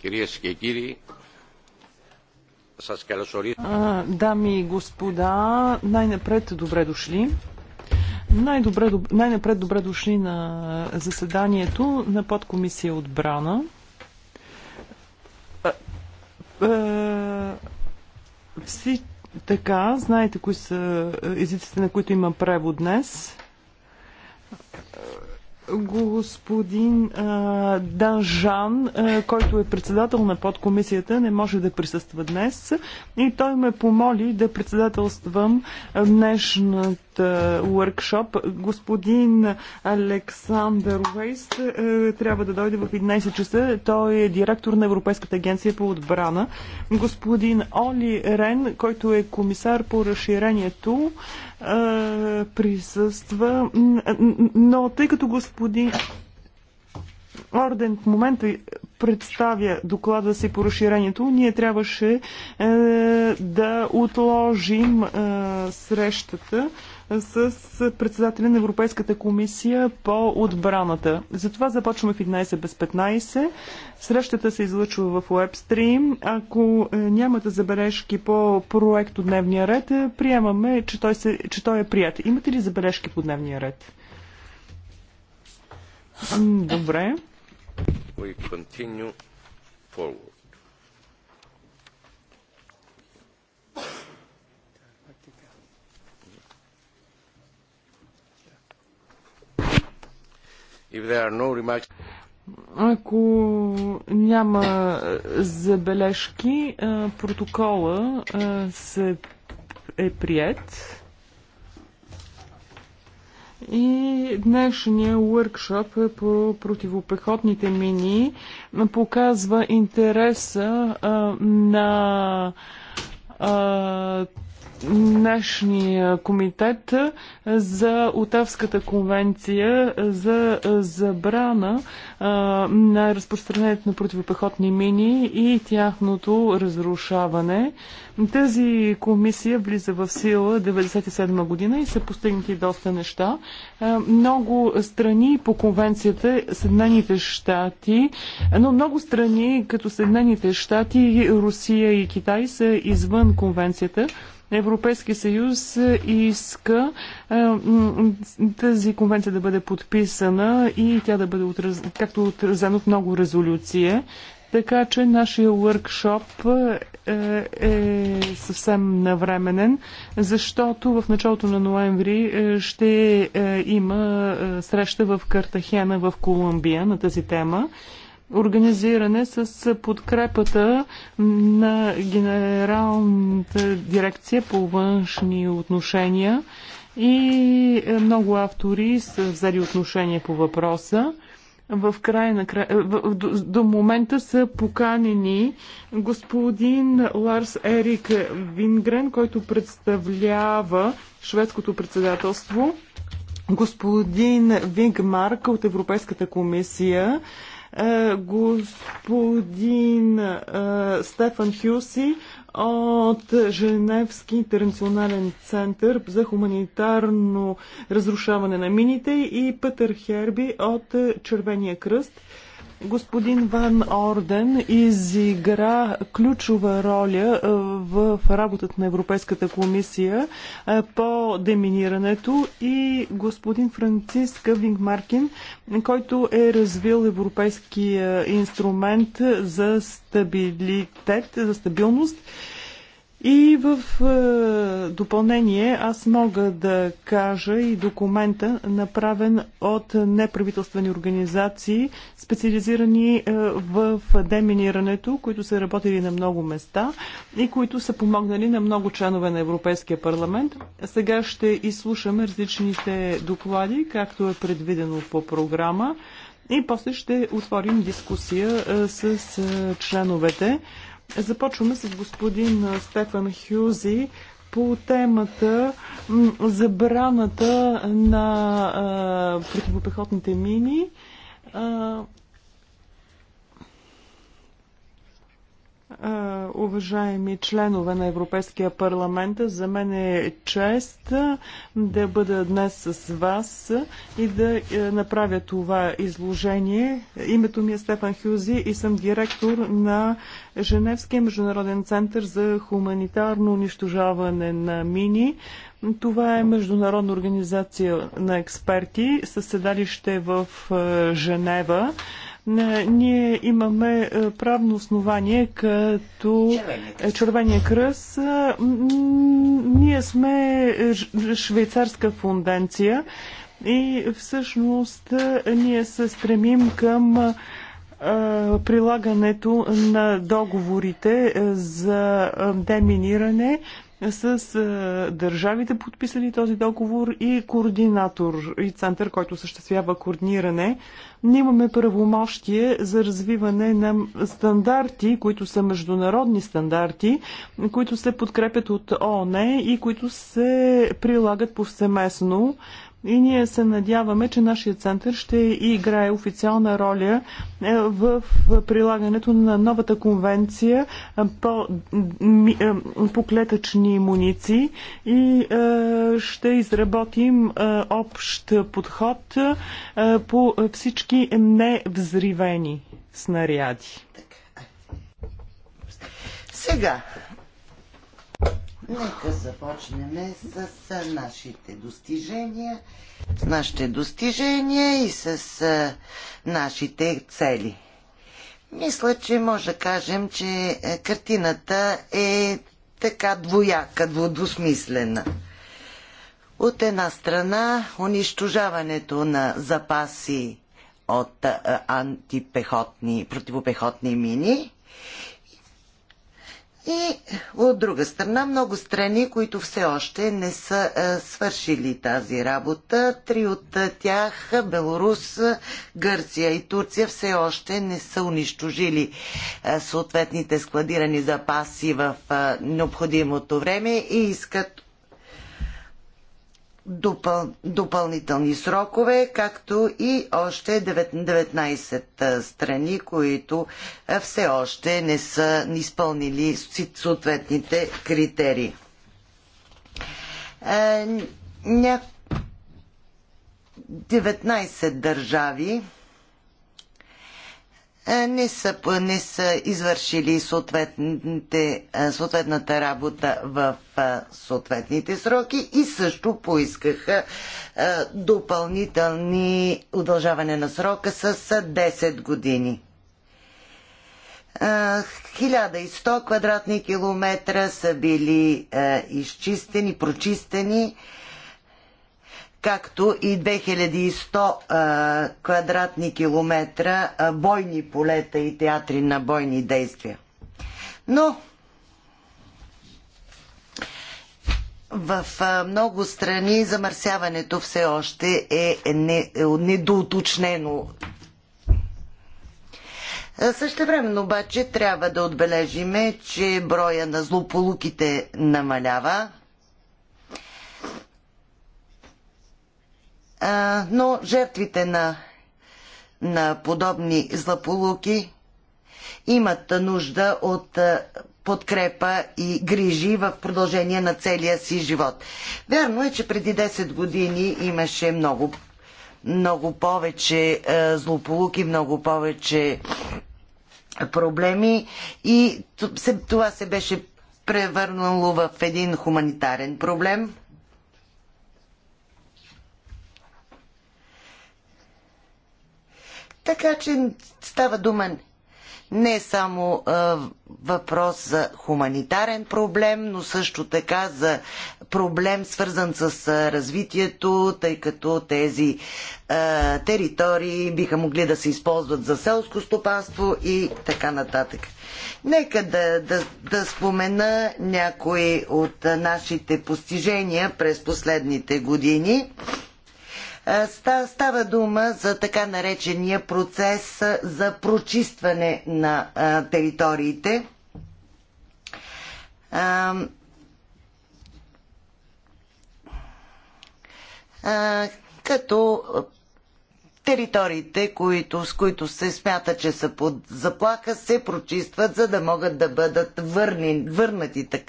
Κυρίες και κύριοι, σας καλωσορίζω. Дами и господа, най-напред добре дошли. Най-добре, най-напред добре дошли на заседанието на подкомисия отбрана. Всички така, знаете кои са езиците, на които има превод днес господин а, Данжан, а, който е председател на подкомисията, не може да присъства днес и той ме помоли да председателствам днешната е, workshop. Господин Александър Уейс е, трябва да дойде в 11 часа. Той е директор на Европейската агенция по отбрана. Господин Оли Рен, който е комисар по разширението, е, присъства. Но тъй като господин Орден в момента представя доклада си по разширението, ние трябваше е, да отложим е, срещата с председателя на Европейската комисия по отбраната. Затова започваме в 11 без 15. Срещата се излъчва в WebStream. Ако е, нямате забележки по проект от дневния ред, е, приемаме, че той, се, че той е прият. Имате ли забележки по дневния ред? Добре. We continue forward. Ако няма забележки, протокола се е прият. И днешния уркшоп по противопехотните мини показва интереса на Днешния комитет за Отавската конвенция за забрана на разпространението на противопехотни мини и тяхното разрушаване. Тази комисия влиза в сила 1997 година и са постигнати доста неща. Много страни по конвенцията, Съединените щати, но много страни като Съединените щати, Русия и Китай са извън конвенцията. Европейския съюз иска тази конвенция да бъде подписана и тя да бъде отраз... както отразено в много резолюция. Така че нашия въркшоп е съвсем навременен, защото в началото на ноември ще има среща в Картахена в Колумбия на тази тема организиране с подкрепата на Генералната дирекция по външни отношения и много автори са взели отношение по въпроса. В край на кра... до, до момента са поканени господин Ларс Ерик Вингрен, който представлява шведското председателство, господин Вингмарк от Европейската комисия, е, господин е, Стефан Хюси от Женевски интернационален център за хуманитарно разрушаване на мините и Пътър Херби от Червения кръст. Господин Ван Орден изигра ключова роля е, в работата на Европейската комисия е, по деминирането и господин Франциск Вингмаркин, който е развил европейския инструмент за стабилитет, за стабилност и в е, допълнение аз мога да кажа и документа, направен от неправителствени организации, специализирани е, в деминирането, които са работили на много места и които са помогнали на много членове на Европейския парламент. Сега ще изслушаме различните доклади, както е предвидено по програма. И после ще отворим дискусия е, с е, членовете. Започваме с господин Стефан Хюзи по темата забраната на противопехотните мини. Уважаеми членове на Европейския парламент, за мен е чест да бъда днес с вас и да е, направя това изложение. Името ми е Стефан Хюзи и съм директор на Женевския международен център за хуманитарно унищожаване на мини. Това е международна организация на експерти със седалище в е, Женева. Ние имаме е, правно основание като Червения кръст. Е, ние сме швейцарска фунденция и всъщност е, ние се стремим към прилагането на договорите за деминиране с а, държавите подписали този договор и координатор и център, който съществява координиране. Ние имаме правомощие за развиване на стандарти, които са международни стандарти, които се подкрепят от ООН и които се прилагат повсеместно и ние се надяваме, че нашия център ще играе официална роля е, в прилагането на новата конвенция е, по, е, по клетъчни муниции и ще изработим общ подход по всички невзривени снаряди. Сега, Нека започнем с нашите достижения, с нашите достижения и с нашите цели. Мисля, че може да кажем, че е, картината е така двояка, двудосмислена. От една страна, унищожаването на запаси от е, антипехотни, противопехотни мини и от друга страна, много страни, които все още не са а, е, свършили тази работа. Три от е, тях Белорус, Гърция и Турция все още не са унищожили а, е, съответните складирани запаси в а, необходимото време и искат допъл... допълнителни срокове, както и още 19 страни, които все още не са изпълнили съответните критерии. Ня... 19 държави е, не са, не са извършили е, съответната работа в е, съответните сроки и също поискаха допълнителни удължаване на срока с 10 години. 1100 квадратни километра са били изчистени, прочистени както и 2100 квадратни километра бойни полета и театри на бойни действия. Но в много страни замърсяването все още е, е, е недоуточнено Същевременно обаче трябва да отбележиме, че броя на злополуките намалява, но жертвите на, на подобни злополуки имат нужда от подкрепа и грижи в продължение на целия си живот. Вярно е, че преди 10 години имаше много, много повече злополуки, много повече проблеми и това се беше превърнало в един хуманитарен проблем – Така че става дума не е само а, въпрос за хуманитарен проблем, но също така за проблем свързан с а, развитието, тъй като тези а, територии биха могли да се използват за селско стопанство и така нататък. Нека да, да, да спомена някои от нашите постижения през последните години. Става дума за така наречения процес за прочистване на териториите. Като териториите, които, с които се смята, че са под заплаха, се прочистват, за да могат да бъдат върни, върнати, так,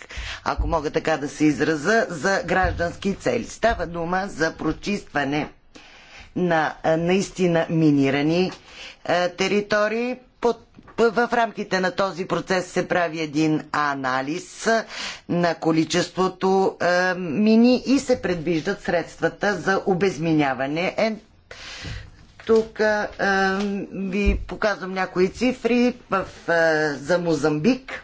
ако мога така да се израза, за граждански цели. Става дума за прочистване на наистина минирани територии. в рамките на този процес се прави един анализ на количеството мини и се предвиждат средствата за обезминяване. Е, тук ви показвам някои цифри в, за Мозамбик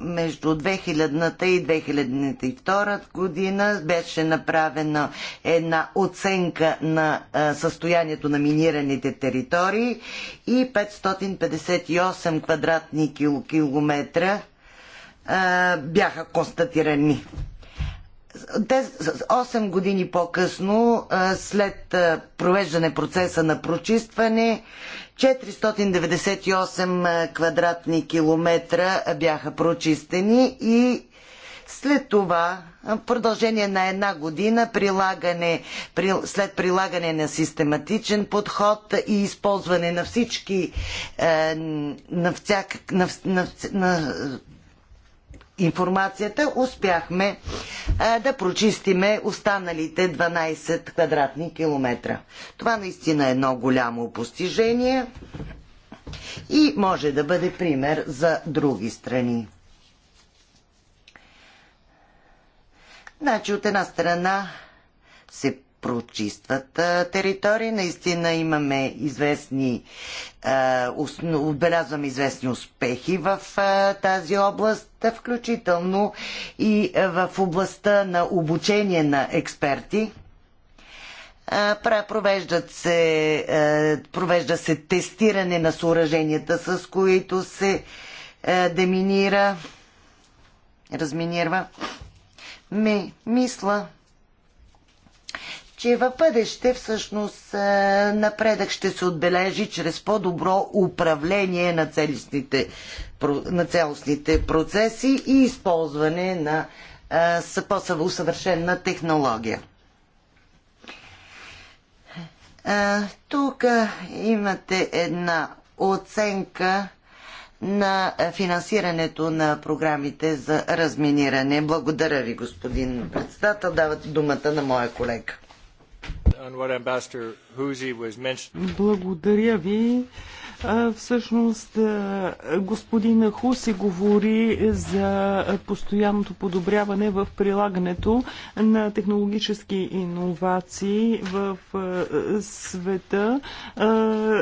между 2000-та и 2002 година беше направена една оценка на състоянието на минираните територии и 558 квадратни километра бяха констатирани. Те 8 години по-късно, след провеждане процеса на прочистване 498 квадратни километра бяха прочистени и след това, в продължение на една година, прилагане, след прилагане на систематичен подход и използване на всички, е, на, всяк, на, на, на информацията, успяхме а, да прочистиме останалите 12 квадратни километра. Това наистина е едно голямо постижение и може да бъде пример за други страни. Значи от една страна се прочистват територии. Наистина имаме известни, отбелязваме известни успехи в тази област, включително и в областта на обучение на експерти. Провеждат се, провежда се тестиране на съоръженията, с които се деминира, разминирва. Ми, мисла че в бъдеще всъщност е, напредък ще се отбележи чрез по-добро управление на целостните, на целостните процеси и използване на е, по-съвършенна технология. Е, тук имате една оценка на финансирането на програмите за разминиране. Благодаря ви, господин председател. Давате думата на моя колега on what Ambassador благодаря ви. Всъщност господин Хуси говори за постоянното подобряване в прилагането на технологически иновации в света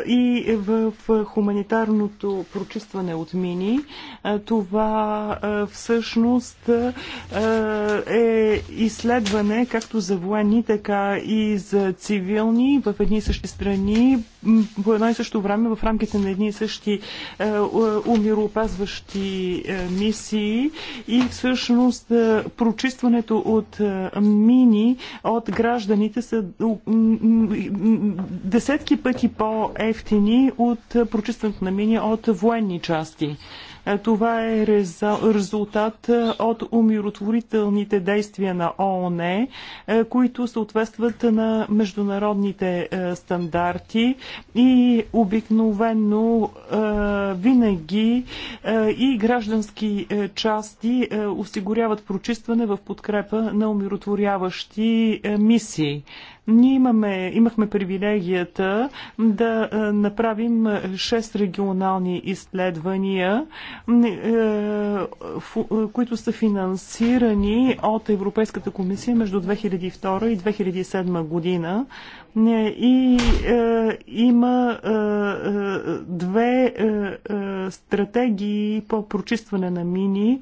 и в хуманитарното прочистване от мини. Това всъщност е изследване както за военни, така и за цивилни в едни и същи страни по едно и също време в рамките на едни и същи е, умироопазващи е, мисии и всъщност е, прочистването от мини от гражданите са десетки пъти по-ефтини от прочистването на мини от военни части. Е, това е резултат е, от умиротворителните действия на ООН, е, които съответстват на международните стандарти и обикновено винаги и граждански части осигуряват прочистване в подкрепа на умиротворяващи мисии. Ние имаме, имахме привилегията да е, направим 6 регионални изследвания, е, е, които са финансирани от Европейската комисия между 2002 и 2007 година и е, има е, е, две е, е, стратегии по прочистване на мини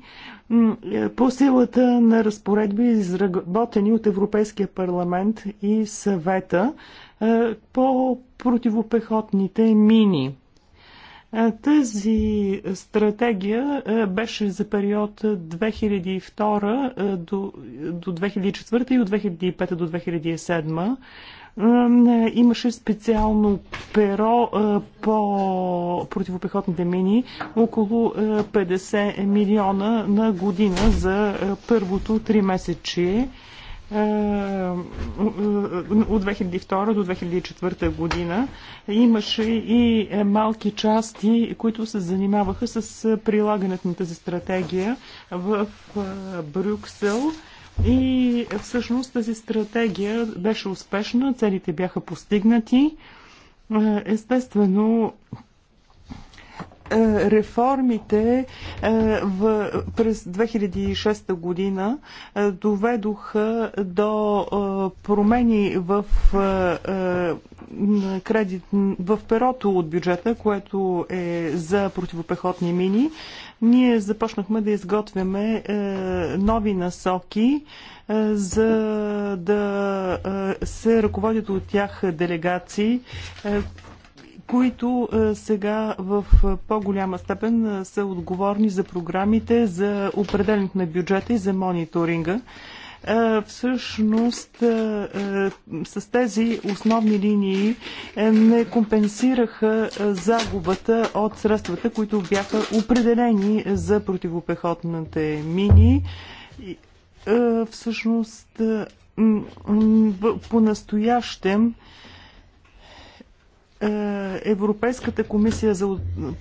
е, по силата на разпоредби, изработени от Европейския парламент и съвета е, по противопехотните мини. Е, тази стратегия е, беше за период 2002 до, до 2004 и от 2005 до 2007. Е, имаше специално перо е, по противопехотните мини, около 50 е, милиона на година за първото три месечие от 2002 до 2004 година имаше и малки части, които се занимаваха с прилагането на тази стратегия в Брюксел. И всъщност тази стратегия беше успешна, целите бяха постигнати. Е, естествено, е, реформите е, през 2006 година доведоха до промени в кредит в перото от бюджета, което е за противопехотни мини ние започнахме да изготвяме е, нови насоки, е, за да е, се ръководят от тях делегации, които сега в по-голяма степен са отговорни за програмите, за определенето на бюджета и за мониторинга всъщност с тези основни линии е, не компенсираха загубата от средствата, които бяха определени за противопехотните мини. Всъщност по настоящем е, Европейската комисия за,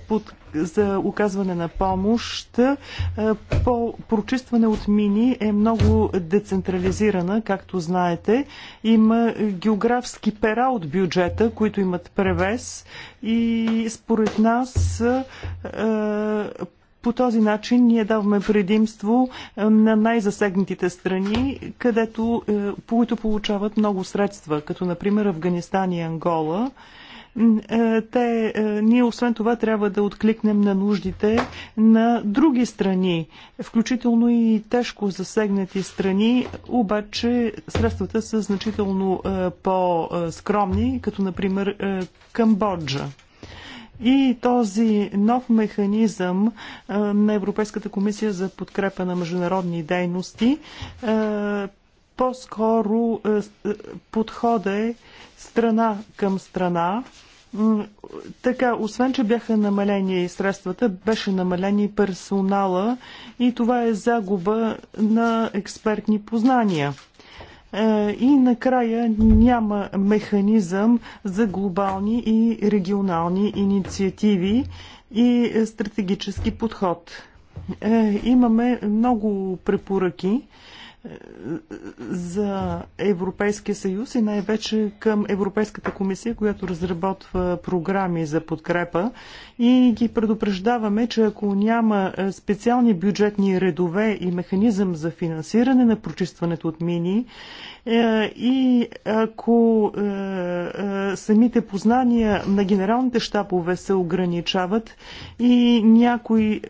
под, за оказване на помощ е, по прочистване от мини е много децентрализирана, както знаете. Има географски пера от бюджета, които имат превес и според нас е, по този начин ние даваме предимство на най-засегнатите страни, където, които получават много средства, като например Афганистан и Ангола. Е, те, е, ние освен това трябва да откликнем на нуждите на други страни, включително и тежко засегнати страни, обаче средствата са значително е, по-скромни, като например Камбоджа. И този нов механизъм на Европейската комисия за подкрепа на международни дейности по-скоро подхода е страна към страна така, освен, че бяха намалени средствата, беше намалени персонала и това е загуба на експертни познания. Е, и накрая няма механизъм за глобални и регионални инициативи и стратегически подход. Е, имаме много препоръки за Европейския съюз и най-вече към Европейската комисия, която разработва програми за подкрепа и ги предупреждаваме, че ако няма специални бюджетни редове и механизъм за финансиране на прочистването от мини е, и ако е, е, самите познания на генералните щапове се ограничават и някой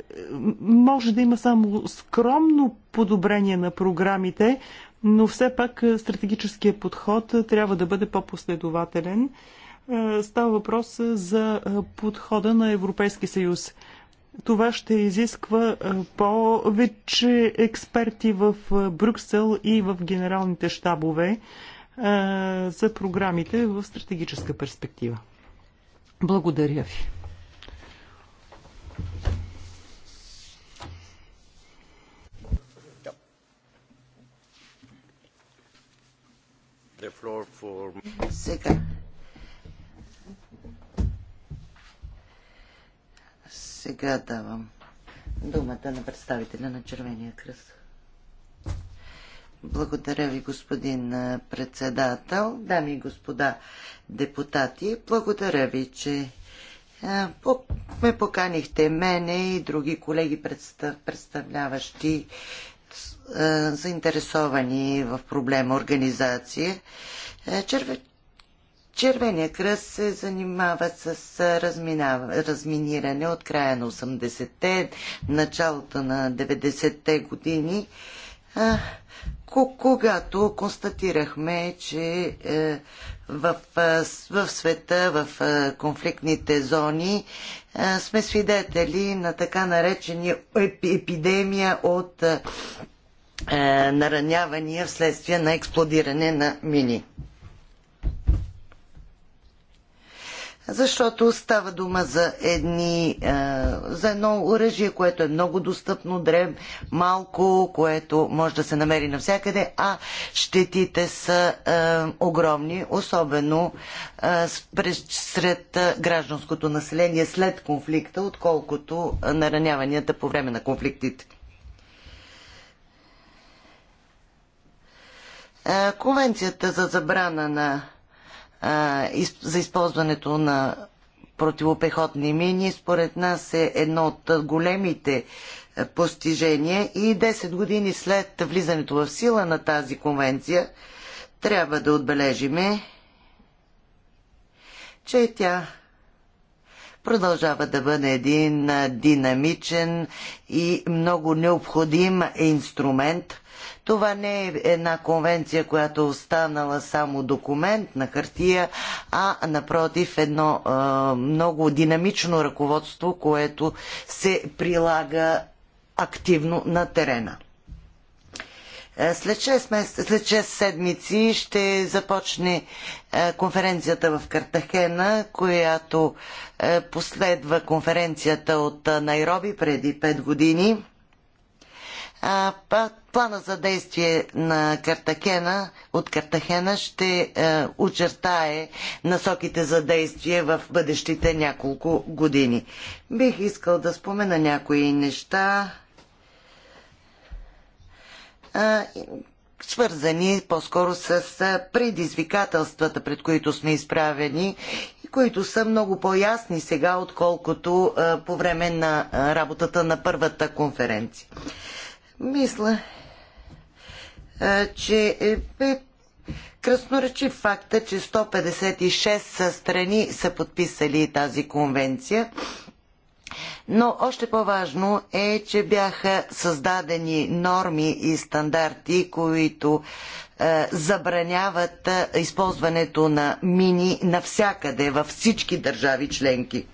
може да има само скромно подобрение на програмите, но все пак стратегическият подход трябва да бъде по-последователен. Става въпрос за подхода на Европейски съюз. Това ще изисква е, повече експерти в е, Брюксел и в генералните щабове е, за програмите в стратегическа перспектива. Благодаря ви. Сега Сега давам думата на представителя на Червения кръст. Благодаря ви, господин председател, дами и господа депутати. Благодаря ви, че ме поканихте мене и други колеги, представляващи заинтересовани в проблема организация. Червения кръст се занимава с разминава, разминиране от края на 80-те, началото на 90-те години, когато констатирахме, че е, в, в света, в конфликтните зони сме свидетели на така наречени епидемия от е, наранявания вследствие на експлодиране на мини. защото става дума за, едни, е, за едно оръжие, което е много достъпно, малко, което може да се намери навсякъде, а щетите са е, огромни, особено е, сред гражданското население след конфликта, отколкото нараняванията по време на конфликтите. Конвенцията за забрана на за използването на противопехотни мини, според нас е едно от големите е, постижения и 10 години след влизането в сила на тази конвенция трябва да отбележиме, че тя продължава да бъде един динамичен и много необходим инструмент. Това не е една конвенция, която е останала само документ на хартия, а напротив едно е, много динамично ръководство, което се прилага активно на терена. Е, след 6, месец, след 6 седмици ще започне е, конференцията в Картахена, която е, последва конференцията от Найроби преди 5 години. Плана за действие на Картахена от Картахена ще очертае насоките за действие в бъдещите няколко години. Бих искал да спомена някои неща свързани по-скоро с предизвикателствата, пред които сме изправени и които са много по-ясни сега, отколкото по време на работата на първата конференция. Мисля, че е, е красноречив факта, че 156 страни са подписали тази конвенция но още по-важно е, че бяха създадени норми и стандарти, които е, забраняват е, използването на мини навсякъде, във всички държави членки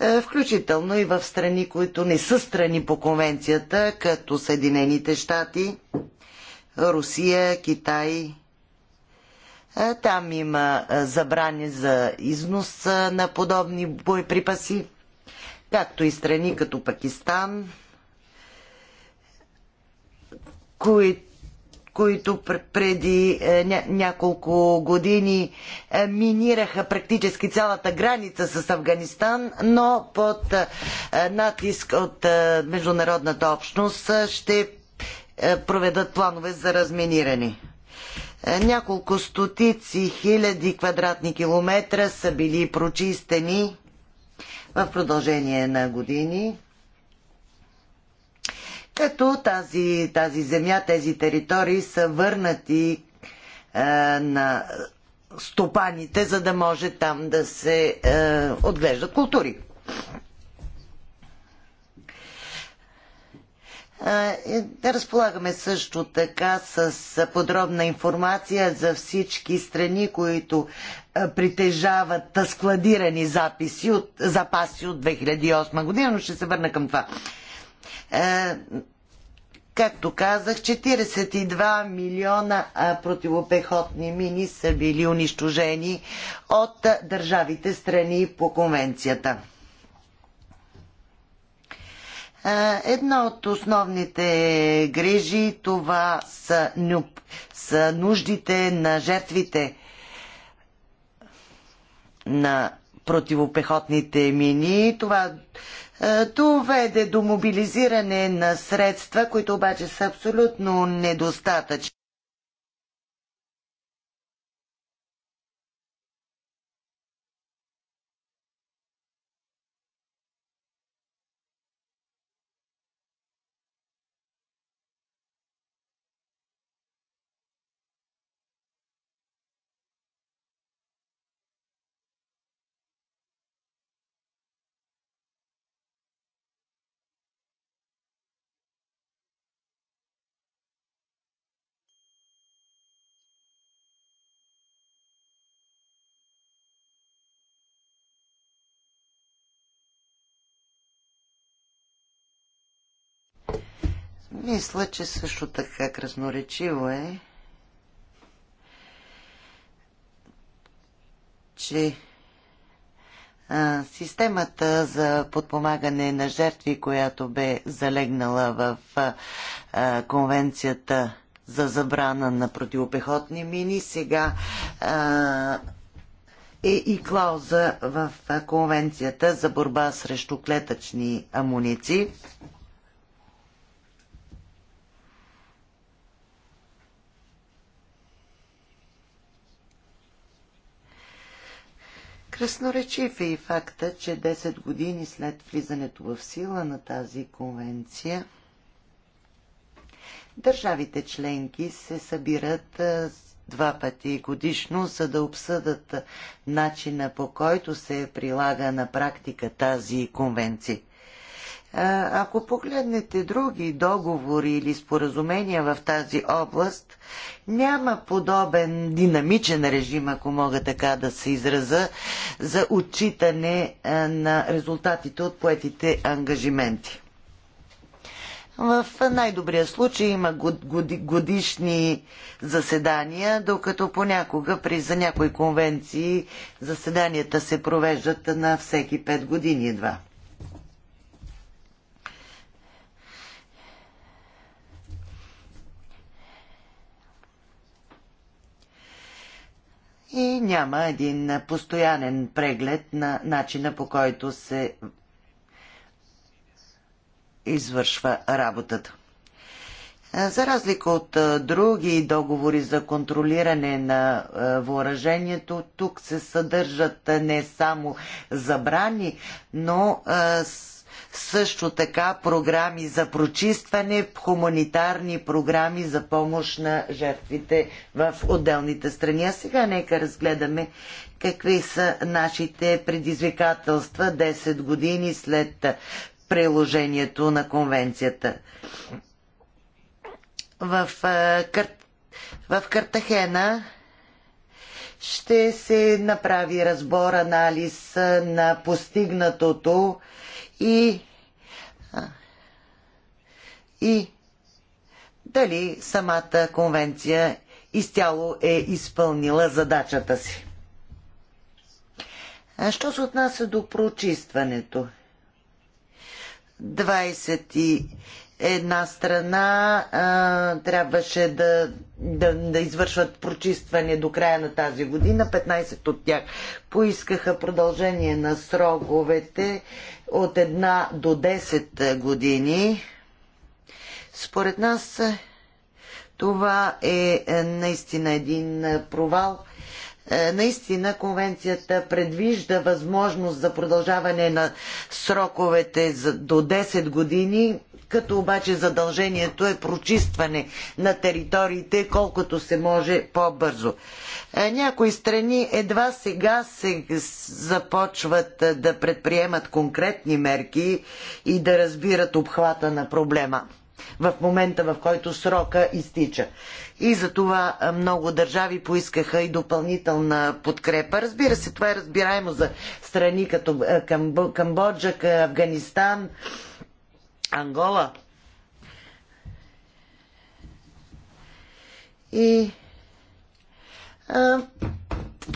е, включително и в страни, които не са страни по конвенцията, като Съединените щати, Русия, Китай е, там има е, забрани за износ е, на подобни боеприпаси, както и страни като Пакистан, кои, които преди няколко години минираха практически цялата граница с Афганистан, но под натиск от международната общност ще проведат планове за разминиране. Е, няколко стотици хиляди квадратни километра са били прочистени в продължение на години. Като тази, тази земя, тези територии са върнати е, на стопаните, за да може там да се е, отглеждат култури. Е, да разполагаме също така с подробна информация за всички страни, които притежават складирани записи от, запаси от 2008 година, но ще се върна към това. Както казах, 42 милиона противопехотни мини са били унищожени от държавите страни по конвенцията. Е, Една от основните грижи това са, са нуждите на жертвите на противопехотните мини. Това е, доведе до мобилизиране на средства, които обаче са абсолютно недостатъчни. Мисля, че също така красноречиво е, че а, системата за подпомагане на жертви, която бе залегнала в а, конвенцията за забрана на противопехотни мини, сега а, е и клауза в конвенцията за борба срещу клетъчни амуниции. Красноречив е и факта, че 10 години след влизането в сила на тази конвенция, държавите членки се събират два пъти годишно, за да обсъдат начина по който се прилага на практика тази конвенция. Ако погледнете други договори или споразумения в тази област, няма подобен динамичен режим, ако мога така да се израза, за отчитане на резултатите от поетите ангажименти. В най-добрия случай има годишни заседания, докато понякога при, за някои конвенции заседанията се провеждат на всеки 5 години едва. и няма един постоянен преглед на начина по който се извършва работата. За разлика от други договори за контролиране на въоръжението, тук се съдържат не само забрани, но също така програми за прочистване, хуманитарни програми за помощ на жертвите в отделните страни. А сега нека разгледаме какви са нашите предизвикателства 10 години след приложението на конвенцията. В, Кар... в Картахена ще се направи разбор, анализ на постигнатото и, и дали самата конвенция изцяло е изпълнила задачата си. А що се отнася до прочистването? 20 една страна а, трябваше да, да, да извършват прочистване до края на тази година. 15 от тях поискаха продължение на сроковете от една до 10 години. Според нас това е, е наистина един провал. Е, наистина конвенцията предвижда възможност за продължаване на сроковете до 10 години като обаче задължението е прочистване на териториите колкото се може по-бързо. Е, някои страни едва сега се започват е, да предприемат конкретни мерки и да разбират обхвата на проблема в момента, в който срока изтича. И за това е, много държави поискаха и допълнителна подкрепа. Разбира се, това е разбираемо за страни като Камбоджа, Афганистан, Ангола. И а,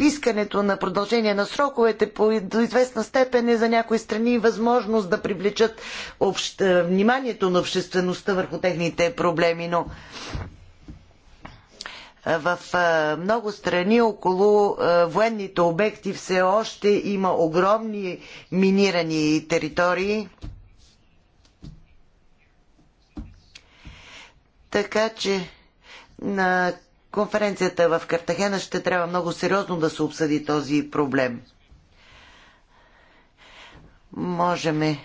искането на продължение на сроковете по, до известна степен е за някои страни възможност да привлечат общ, вниманието на обществеността върху техните проблеми, но в много страни около военните обекти все още има огромни минирани територии Така че на конференцията в Картахена ще трябва много сериозно да се обсъди този проблем. Можеме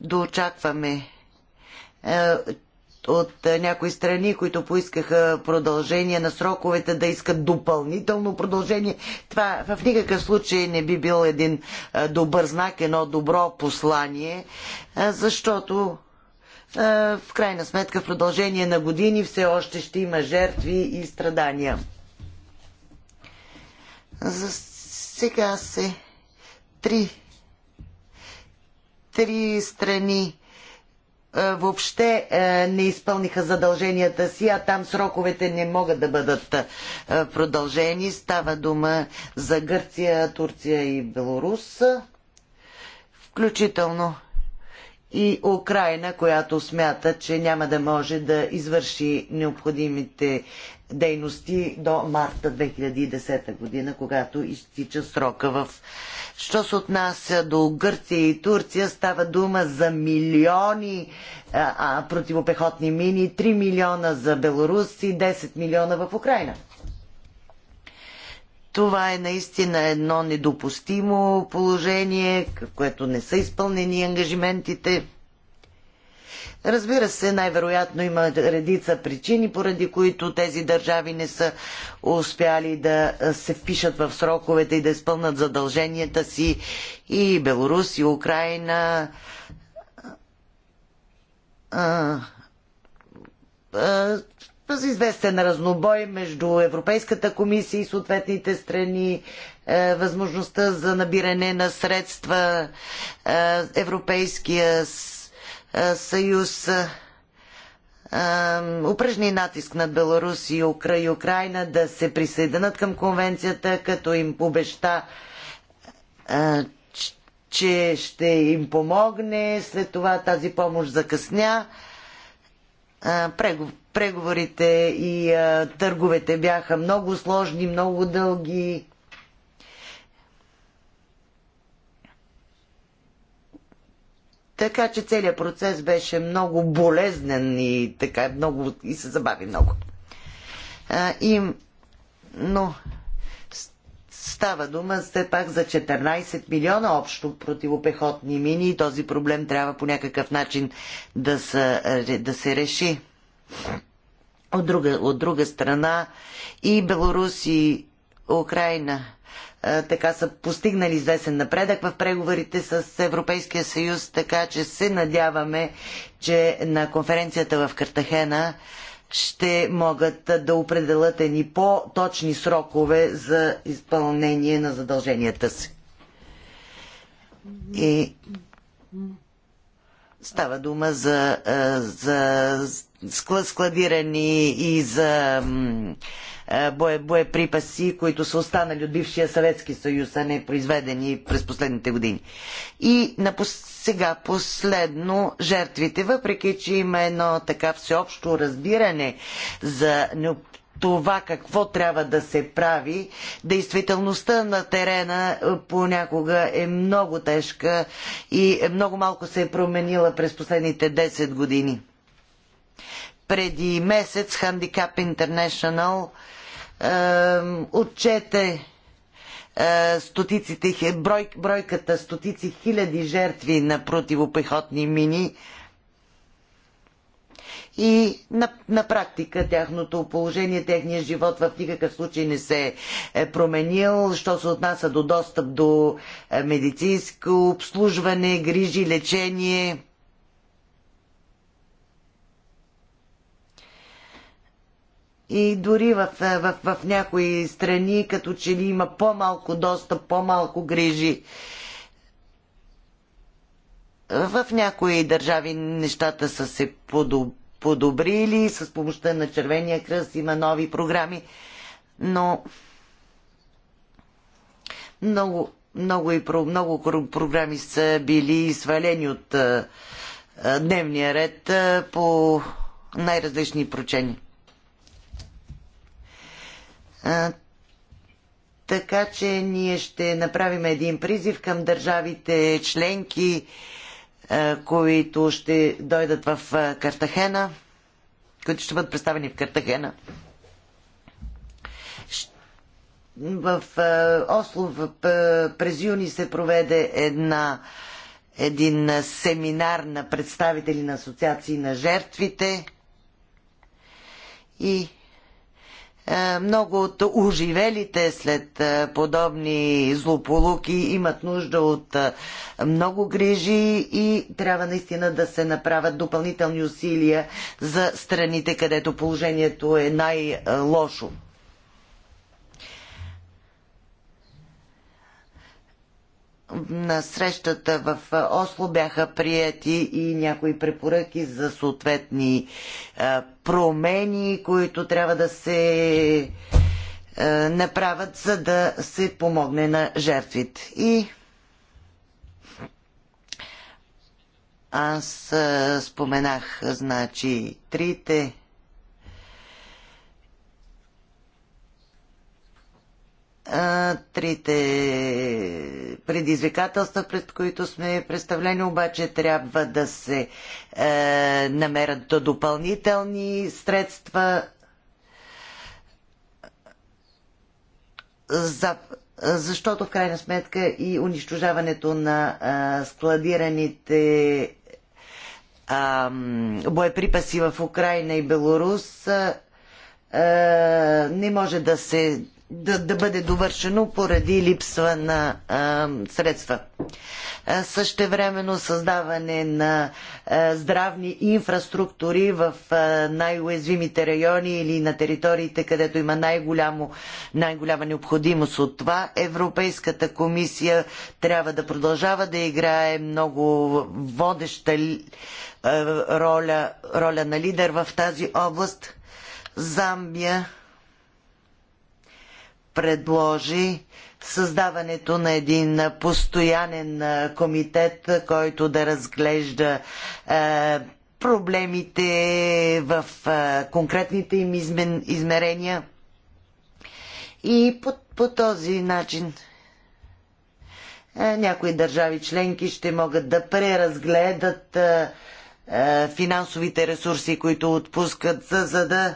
да очакваме е, от някои страни, които поискаха продължение на сроковете, да искат допълнително продължение. Това в никакъв случай не би бил един е, добър знак, едно добро послание, е, защото е, в крайна сметка в продължение на години все още ще има жертви и страдания. За сега се три, три страни е, въобще е, не изпълниха задълженията си, а там сроковете не могат да бъдат продължени. Става дума за Гърция, Турция и Беларус, включително и Украина, която смята, че няма да може да извърши необходимите дейности до марта 2010 година, когато изтича срока в... Що се отнася до Гърция и Турция, става дума за милиони а, а, противопехотни мини, 3 милиона за Беларус и 10 милиона в Украина. Това е наистина едно недопустимо положение, което не са изпълнени ангажиментите. Разбира се, най-вероятно има редица причини, поради които тези държави не са успяли да се впишат в сроковете и да изпълнат задълженията си. И Беларус, и Украина. А, а, с известен разнобой между Европейската комисия и съответните страни, е, възможността за набиране на средства, е, Европейския е, съюз упражни натиск над Беларус и, и Украина да се присъединят към конвенцията, като им обеща че ще им помогне, след това тази помощ закъсня. Прегов преговорите и а, търговете бяха много сложни, много дълги. Така че целият процес беше много болезнен и така много и се забави много. А, и, но става дума все пак за 14 милиона общо противопехотни мини и този проблем трябва по някакъв начин да се, да се реши. От друга, от друга страна и Беларус и Украина така са постигнали известен напредък в преговорите с Европейския съюз, така че се надяваме, че на конференцията в Картахена ще могат да определят едни по-точни срокове за изпълнение на задълженията си. И става дума за, за складирани и за бое, боеприпаси, които са останали от бившия Съветски съюз, а не произведени през последните години. И на сега последно жертвите, въпреки че има едно така всеобщо разбиране за това какво трябва да се прави, действителността на терена понякога е много тежка и е много малко се е променила през последните 10 години. Преди месец Handicap International е, отчете е, стотиците, брой, бройката стотици хиляди жертви на противопехотни мини и на, на практика тяхното положение, техния живот в никакъв случай не се е променил, що се отнася до достъп до е, медицинско обслужване, грижи, лечение И дори в, е, в, в някои страни, като че ли има по-малко достъп, по-малко грижи. В някои държави нещата са се подобрили, с помощта на Червения кръст има нови програми, но много, много, и, много програми са били свалени от е, е, дневния ред по най-различни причини така че ние ще направим един призив към държавите членки, които ще дойдат в Картахена, които ще бъдат представени в Картахена. В Осло през юни се проведе една, един семинар на представители на асоциации на жертвите и е, много от оживелите след е, подобни злополуки имат нужда от е, много грижи и трябва наистина да се направят допълнителни усилия за страните, където положението е най-лошо. на срещата в Осло бяха прияти и някои препоръки за съответни промени, които трябва да се направят, за да се помогне на жертвите. И аз споменах, значи, трите трите предизвикателства, пред които сме представлени, обаче трябва да се е, намерят допълнителни средства за защото в крайна сметка и унищожаването на а, е, складираните е, а, боеприпаси в Украина и Беларус а, не може да се да, да бъде довършено поради липсва на а, средства. същевременно създаване на а, здравни инфраструктури в най-уязвимите райони или на териториите, където има най-голямо, най-голяма необходимост от това. Европейската комисия трябва да продължава да играе много водеща роля, роля на лидер в тази област. Замбия предложи създаването на един постоянен комитет, който да разглежда проблемите в конкретните им измерения. И по, по този начин някои държави членки ще могат да преразгледат финансовите ресурси, които отпускат, за, за да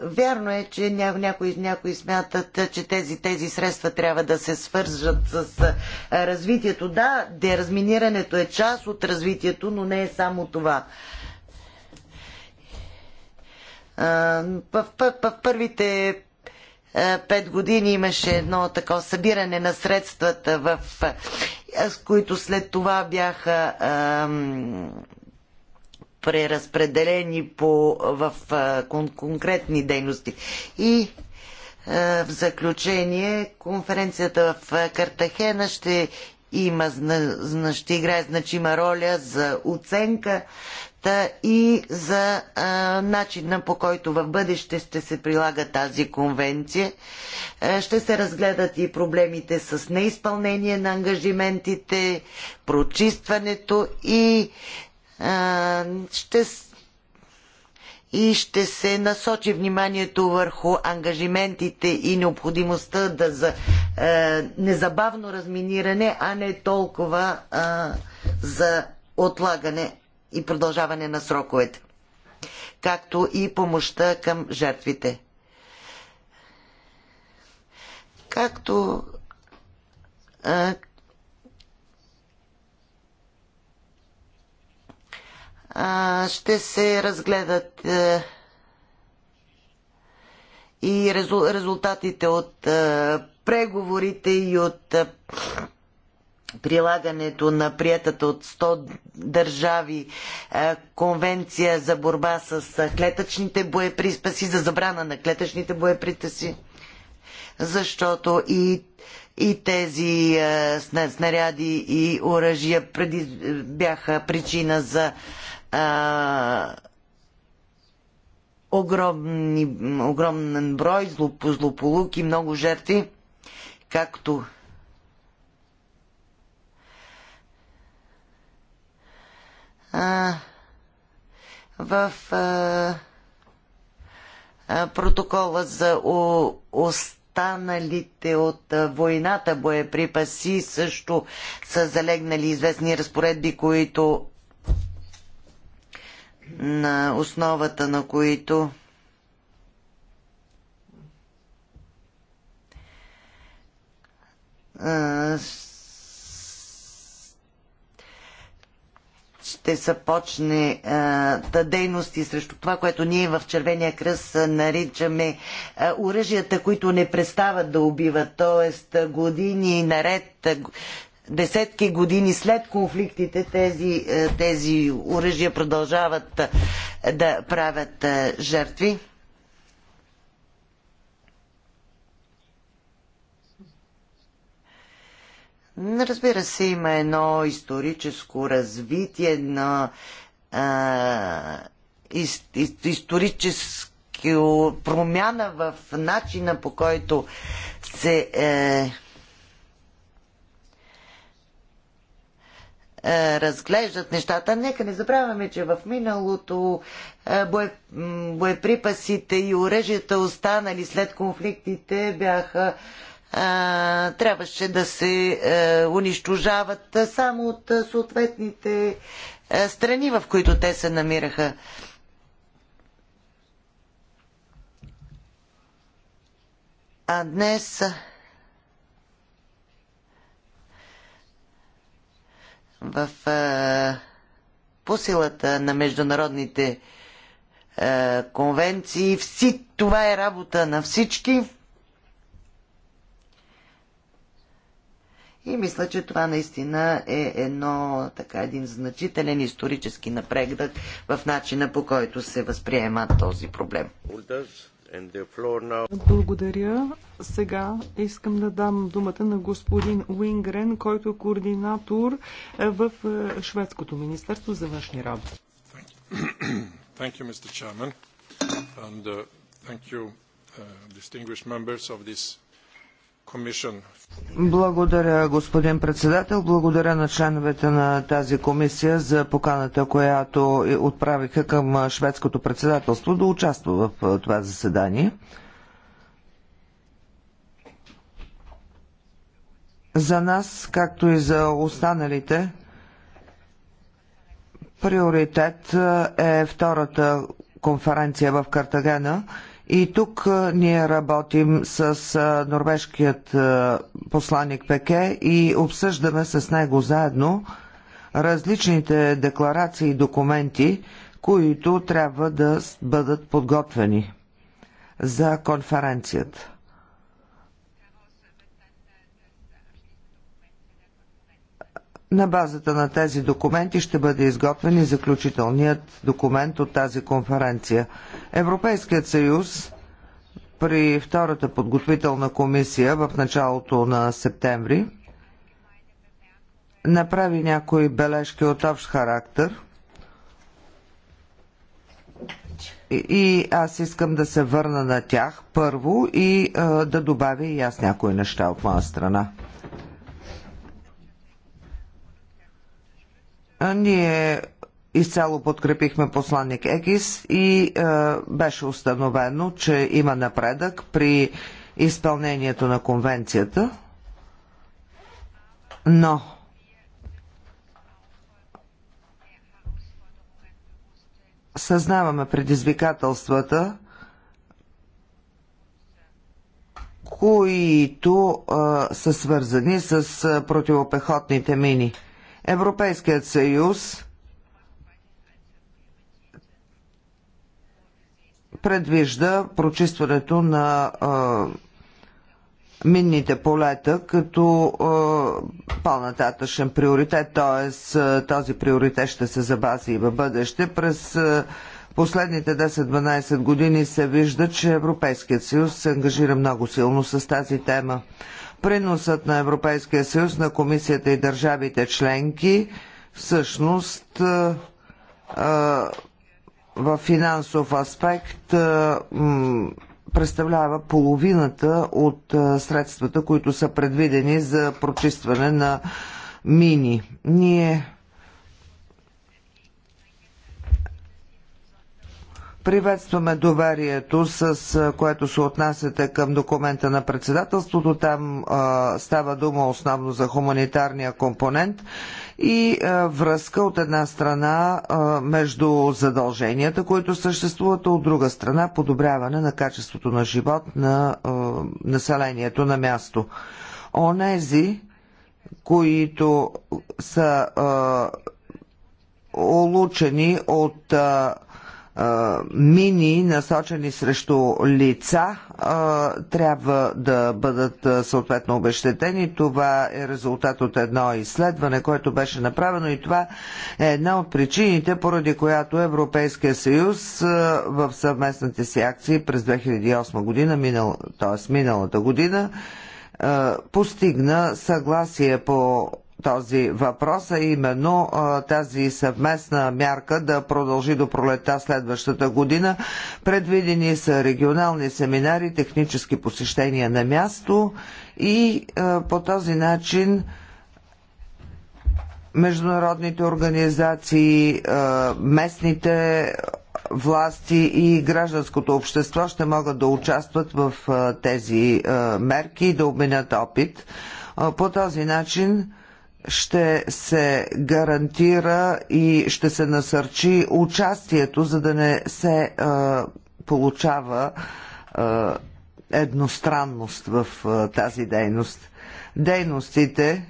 Вярно е, че някои, някои смятат, че тези, тези средства трябва да се свържат с развитието. Да, деразминирането е част от развитието, но не е само това. В, в, в първите пет години имаше едно такова събиране на средствата, в, с които след това бяха преразпределени по, в а, кон, конкретни дейности. И а, в заключение, конференцията в Картахена ще има, ще играе значима роля за оценка та и за а, начина по който в бъдеще ще се прилага тази конвенция. А, ще се разгледат и проблемите с неизпълнение на ангажиментите, прочистването и ще и ще се насочи вниманието върху ангажиментите и необходимостта да за е, незабавно разминиране, а не толкова е, за отлагане и продължаване на сроковете, както и помощта към жертвите. Както е, ще се разгледат е, и резултатите от е, преговорите и от е, прилагането на приятата от 100 държави конвенция за борба с клетъчните боеприпаси, за забрана на клетъчните боеприпаси, защото и, и тези снаряди и оръжия преди, бяха причина за а, огромни, огромен брой злополуки, много жертви, както а, в а, протокола за о, останалите от войната боеприпаси също са залегнали известни разпоредби, които на основата на които ще започне да дейности срещу това, което ние в Червения кръст наричаме оръжията, които не престават да убиват. Тоест години наред десетки години след конфликтите тези, е, тези оръжия продължават е, да правят е, жертви? Разбира се, има едно историческо развитие на а, историческо промяна в начина по който се е, Е, разглеждат нещата. Нека не забравяме, че в миналото е, боеп... боеприпасите и оръжията останали след конфликтите бяха е, трябваше да се унищожават само от съответните страни, в които те се намираха. А днес в по силата на международните конвенции. Вси, това е работа на всички. И мисля, че това наистина е едно, така, един значителен исторически напредък в начина по който се възприема този проблем. Благодаря. Сега искам да дам думата на господин Уингрен, който е координатор е, в е, Шведското министерство за външни работи. Thank you, Mr. Chairman, and uh, thank you, uh, distinguished members of this благодаря, господин председател. Благодаря на членовете на тази комисия за поканата, която отправиха към шведското председателство да участва в това заседание. За нас, както и за останалите, приоритет е втората конференция в Картагена – и тук ние работим с норвежкият посланник Пеке и обсъждаме с него заедно различните декларации и документи, които трябва да бъдат подготвени за конференцията. На базата на тези документи ще бъде изготвен и заключителният документ от тази конференция. Европейският съюз при втората подготвителна комисия в началото на септември направи някои бележки от общ характер и аз искам да се върна на тях първо и а, да добавя и аз някои неща от моя страна. Ние изцяло подкрепихме посланник Егис и е, беше установено, че има напредък при изпълнението на конвенцията, но съзнаваме предизвикателствата, които е, са свързани с е, противопехотните мини. Европейският съюз предвижда прочистването на а, минните полета като а, по-нататъчен приоритет, т.е. този приоритет ще се забази и в бъдеще. През а, последните 10-12 години се вижда, че Европейският съюз се ангажира много силно с тази тема приносът на Европейския съюз, на комисията и държавите членки всъщност в финансов аспект представлява половината от средствата, които са предвидени за прочистване на мини. Ние Приветстваме доверието, с което се отнасяте към документа на председателството. Там а, става дума основно за хуманитарния компонент и а, връзка от една страна а, между задълженията, които съществуват, а от друга страна подобряване на качеството на живот на а, населението на място. Онези, които са а, улучени от а, мини, насочени срещу лица, трябва да бъдат съответно обещетени. Това е резултат от едно изследване, което беше направено и това е една от причините, поради която Европейския съюз в съвместните си акции през 2008 година, минал, т.е. миналата година, постигна съгласие по този въпрос, а именно тази съвместна мярка да продължи до пролета следващата година. Предвидени са регионални семинари, технически посещения на място и по този начин международните организации, местните власти и гражданското общество ще могат да участват в тези мерки и да обменят опит. По този начин ще се гарантира и ще се насърчи участието, за да не се а, получава а, едностранност в а, тази дейност. Дейностите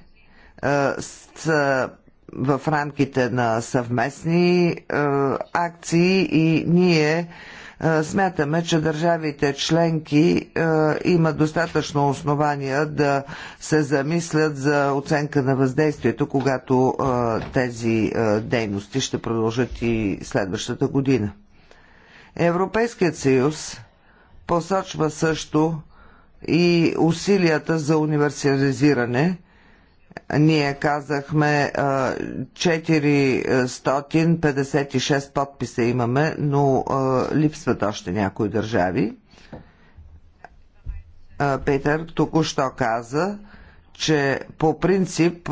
а, са в рамките на съвместни а, акции и ние Смятаме, че държавите членки имат достатъчно основания да се замислят за оценка на въздействието, когато тези дейности ще продължат и следващата година. Европейският съюз посочва също и усилията за универсализиране – ние казахме 456 подписа имаме, но липсват още някои държави. Петър току-що каза, че по принцип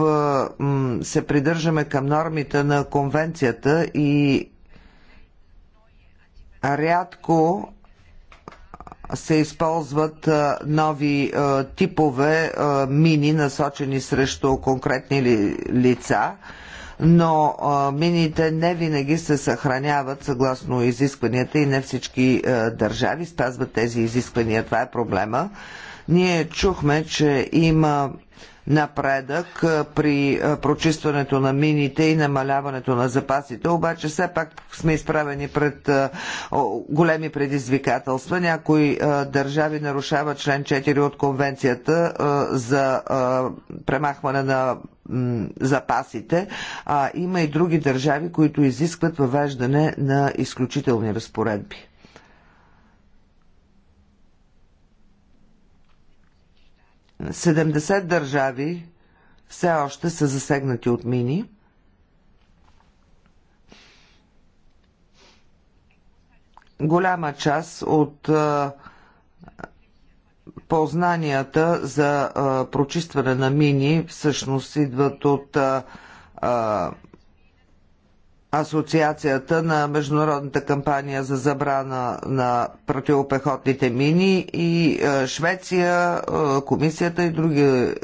се придържаме към нормите на конвенцията и рядко се използват нови типове мини, насочени срещу конкретни лица, но мините не винаги се съхраняват съгласно изискванията и не всички държави спазват тези изисквания. Това е проблема. Ние чухме, че има напредък при прочистването на мините и намаляването на запасите, обаче все пак сме изправени пред големи предизвикателства. Някои държави нарушават член 4 от конвенцията за премахване на запасите, а има и други държави, които изискват въвеждане на изключителни разпоредби. 70 държави все още са засегнати от мини. Голяма част от познанията за прочистване на мини всъщност идват от Асоциацията на Международната кампания за забрана на противопехотните мини и е, Швеция, е, комисията и други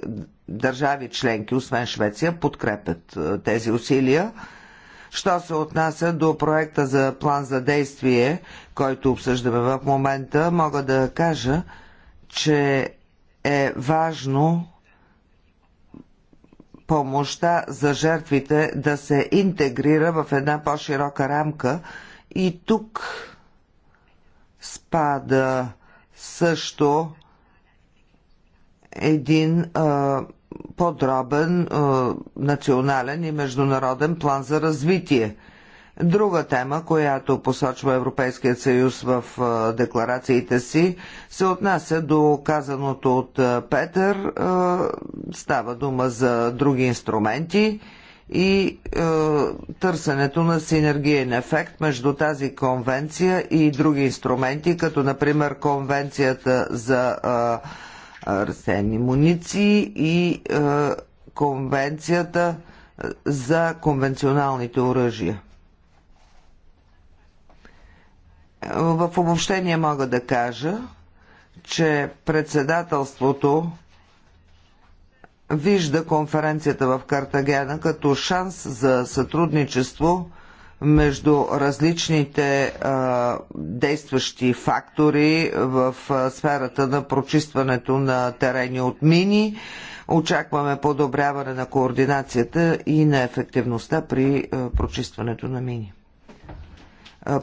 държави членки, освен Швеция, подкрепят е, тези усилия. Що се отнася до проекта за план за действие, който обсъждаме в момента, мога да кажа, че е важно помощта за жертвите да се интегрира в една по-широка рамка. И тук спада също един а, подробен а, национален и международен план за развитие – Друга тема, която посочва Европейският съюз в декларациите си, се отнася до казаното от Петър. Става дума за други инструменти и е, търсенето на синергиен ефект между тази конвенция и други инструменти, като например конвенцията за е, арсени муниции и е, конвенцията за конвенционалните оръжия. В обобщение мога да кажа, че председателството вижда конференцията в Картагена като шанс за сътрудничество между различните а, действащи фактори в а, сферата на прочистването на терени от мини. Очакваме подобряване на координацията и на ефективността при а, прочистването на мини.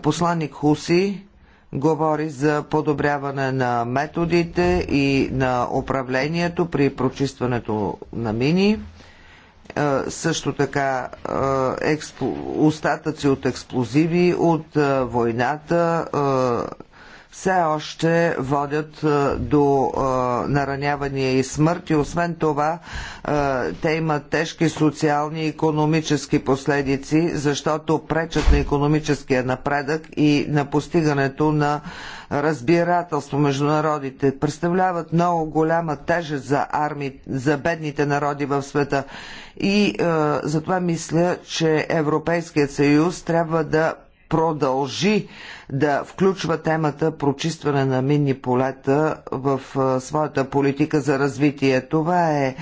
Посланник Хуси говори за подобряване на методите и на управлението при прочистването на мини. Също така остатъци от експлозиви от войната все още водят е, до е, наранявания и смърт и освен това е, те имат тежки социални и економически последици, защото пречат на економическия напредък и на постигането на разбирателство между народите. Представляват много голяма тежест за армии, за бедните народи в света. И е, затова мисля, че Европейският съюз трябва да продължи да включва темата прочистване на минни полета в своята политика за развитие. Това е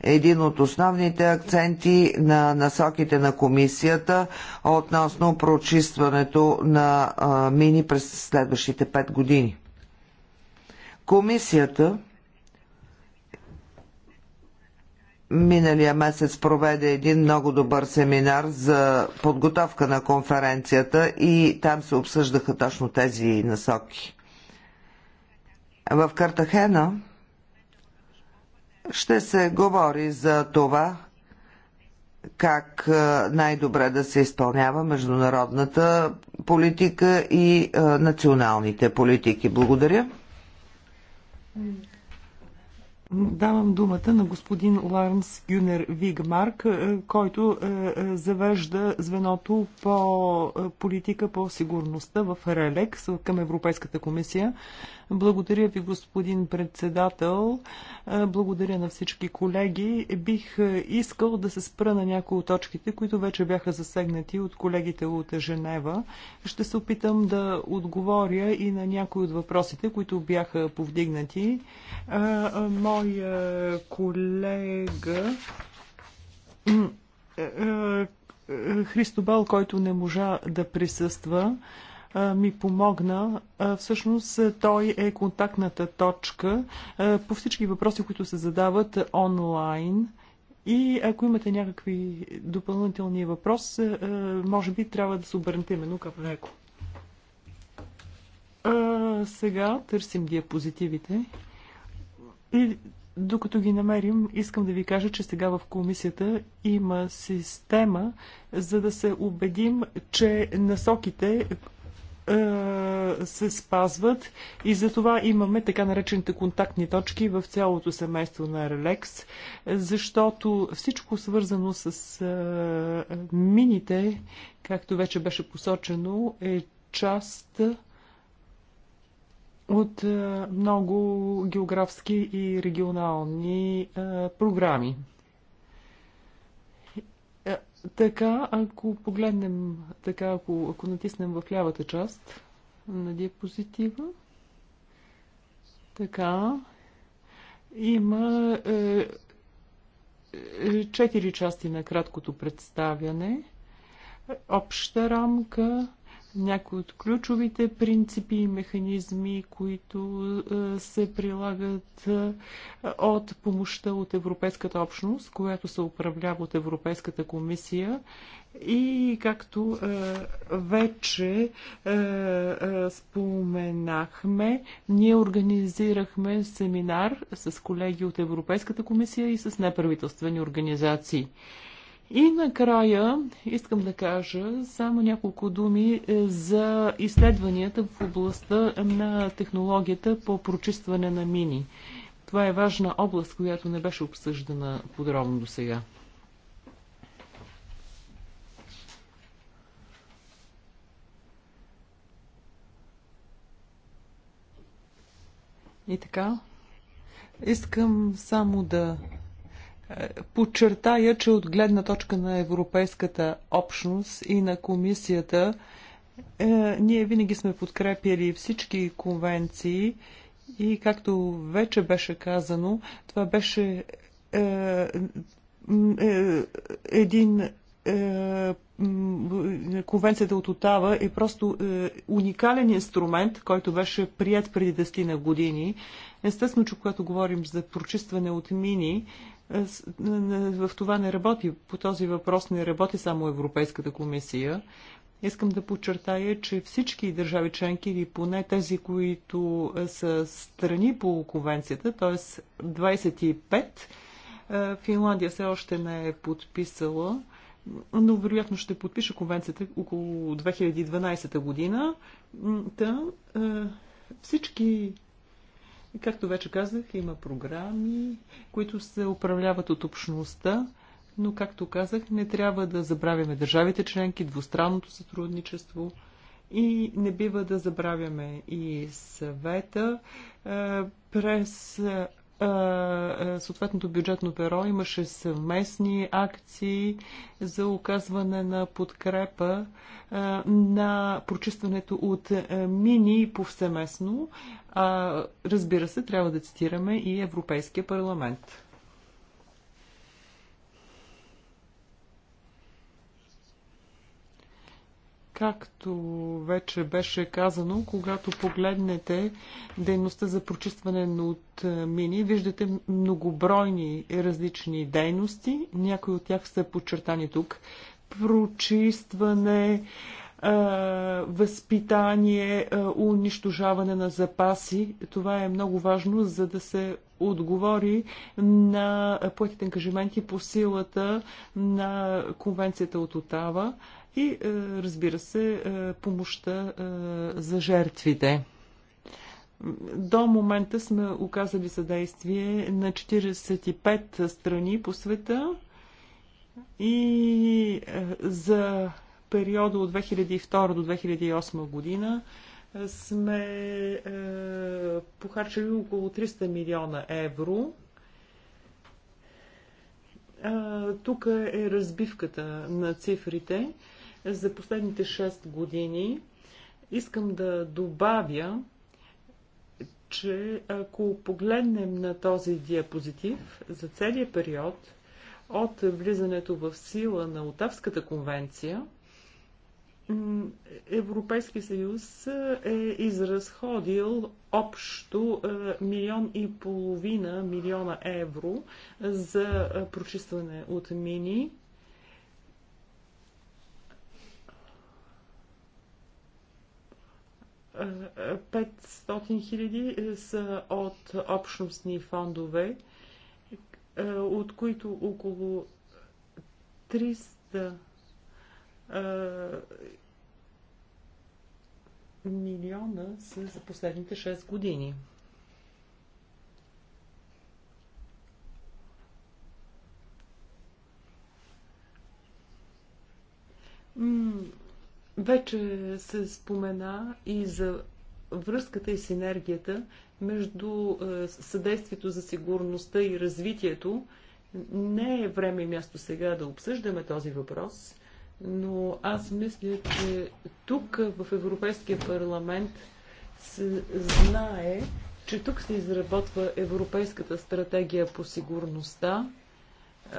един от основните акценти на насоките на комисията относно прочистването на мини през следващите пет години. Комисията Миналия месец проведе един много добър семинар за подготовка на конференцията и там се обсъждаха точно тези насоки. В Картахена ще се говори за това как е, най-добре да се изпълнява международната политика и е, националните политики. Благодаря. Давам думата на господин Ларнс Гюнер Вигмарк, е, който е, е, завежда звеното по политика по сигурността в РЕЛЕКС към Европейската комисия. Благодаря ви, господин председател. Е, благодаря на всички колеги. Бих е, искал да се спра на някои от точките, които вече бяха засегнати от колегите от Женева. Ще се опитам да отговоря и на някои от въпросите, които бяха повдигнати. Е, моя колега Христобал, който не можа да присъства, ми помогна. Всъщност той е контактната точка по всички въпроси, които се задават онлайн. И ако имате някакви допълнителни въпроси, може би трябва да се обърнете именно към него. Сега търсим диапозитивите. И докато ги намерим, искам да ви кажа, че сега в комисията има система, за да се убедим, че насоките, е, се спазват и за това имаме така наречените контактни точки в цялото семейство на Релекс, защото всичко свързано с е, мините, както вече беше посочено, е част от е, много географски и регионални програми. Така, ако погледнем, така, ако, ако натиснем в лявата част на диапозитива, така, има четири е, четири части на краткото представяне, обща рамка, някои от ключовите принципи и механизми, които е, се прилагат е, от помощта от Европейската общност, която се управлява от Европейската комисия. И както е, вече споменахме, ние организирахме семинар с колеги от Европейската комисия и с неправителствени организации. И накрая искам да кажа само няколко думи е, за изследванията в областта на технологията по прочистване на мини. Това е важна област, която не беше обсъждана подробно до сега. И така, искам само да подчертая, че от гледна точка на Европейската общност и на комисията, е, ние винаги сме подкрепили всички конвенции и както вече беше казано, това беше е, е, един е, конвенцията от Отава е просто е, уникален инструмент, който беше прият преди 10 на години. Естествено, че когато говорим за прочистване от мини, в това не работи. По този въпрос не работи само Европейската комисия. Искам да подчертая, че всички държави членки или поне тези, които са страни по конвенцията, т.е. 25, е, Финландия все още не е подписала, но вероятно ще подпише конвенцията около 2012 година. Та, е, всички както вече казах, има програми, които се управляват от общността, но както казах, не трябва да забравяме държавите членки, двустранното сътрудничество и не бива да забравяме и съвета е, през съответното бюджетно перо имаше съвместни акции за оказване на подкрепа на прочистването от мини повсеместно. Разбира се, трябва да цитираме и Европейския парламент. Както вече беше казано, когато погледнете дейността за прочистване от е, мини, виждате многобройни различни дейности. Някои от тях са подчертани тук. Прочистване, е, възпитание, е, унищожаване на запаси. Това е много важно, за да се отговори на поетите ангажименти по силата на конвенцията от Отава и е, разбира се е, помощта е, за жертвите. До момента сме оказали съдействие на 45 страни по света и за периода от 2002 до 2008 година сме похарчали около 300 милиона евро. тук е разбивката на цифрите за последните 6 години. Искам да добавя, че ако погледнем на този диапозитив за целият период от влизането в сила на Отавската конвенция, Европейски съюз е изразходил общо е, милион и половина милиона евро за е, прочистване от мини 500 хиляди са от общностни фондове, е, от които около 300 е, милиона са за последните 6 години. М- вече се спомена и за връзката и синергията между е, съдействието за сигурността и развитието. Не е време и място сега да обсъждаме този въпрос, но аз мисля, че тук в Европейския парламент се знае, че тук се изработва Европейската стратегия по сигурността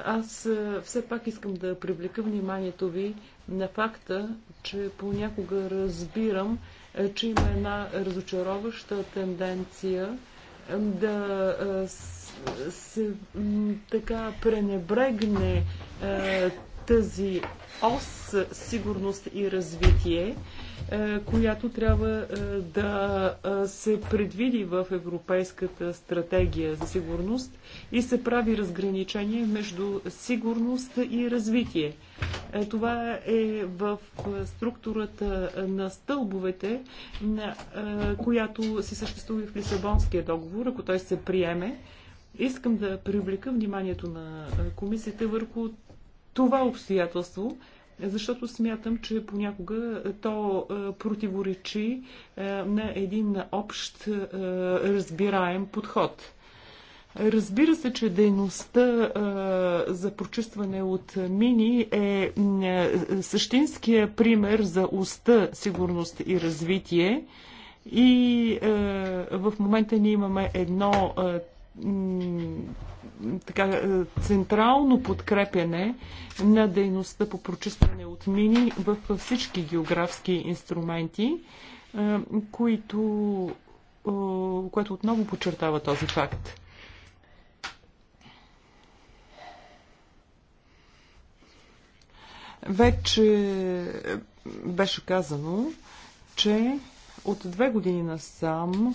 аз е, все пак искам да привлека вниманието ви на факта, че понякога разбирам, е, че има една разочароваща тенденция е, да се така пренебрегне тази ос сигурност и развитие е, която трябва е, да е, се предвиди в Европейската стратегия за сигурност и се прави разграничение между сигурност и развитие. Това е в структурата на стълбовете, която си съществува в Лисабонския договор, ако той се приеме. Искам да привлека вниманието на комисията върху това обстоятелство – защото смятам, че понякога то е, противоречи е, на един общ е, разбираем подход. Разбира се, че дейността за прочистване от мини е същинския пример за уста, сигурност и развитие. И в момента ние имаме едно така, е, централно подкрепяне на дейността по прочистване от мини в всички географски инструменти, е, които, е, което отново подчертава този факт. Вече беше казано, че от две години насам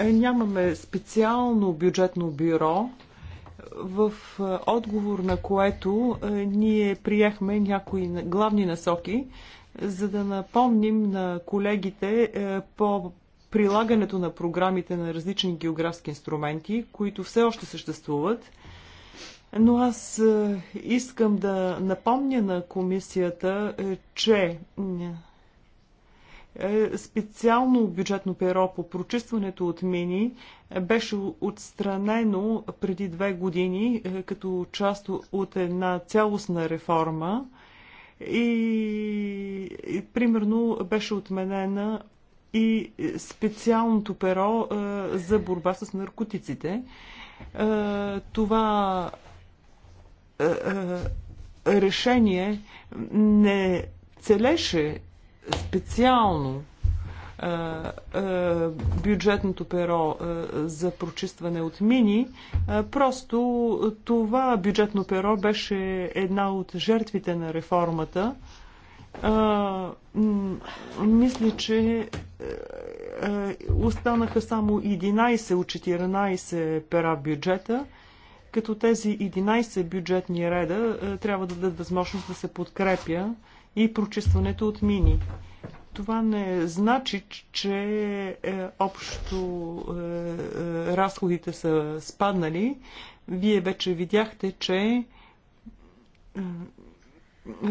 нямаме специално бюджетно бюро, в отговор на което ние приехме някои главни насоки, за да напомним на колегите по прилагането на програмите на различни географски инструменти, които все още съществуват. Но аз искам да напомня на комисията, че е, специално бюджетно перо по прочистването от мини е, беше отстранено преди две години е, като част от една цялостна реформа и, и примерно беше отменена и специалното перо е, за борба с наркотиците. Е, това е, е, решение не целеше специално бюджетното перо за прочистване от мини. Просто това бюджетно перо беше една от жертвите на реформата. Мисля, че останаха само 11 от 14 пера в бюджета, като тези 11 бюджетни реда трябва да дадат възможност да се подкрепя и прочистването от мини. Това не значи, че е, общо е, е, разходите са спаднали. Вие вече видяхте, че е,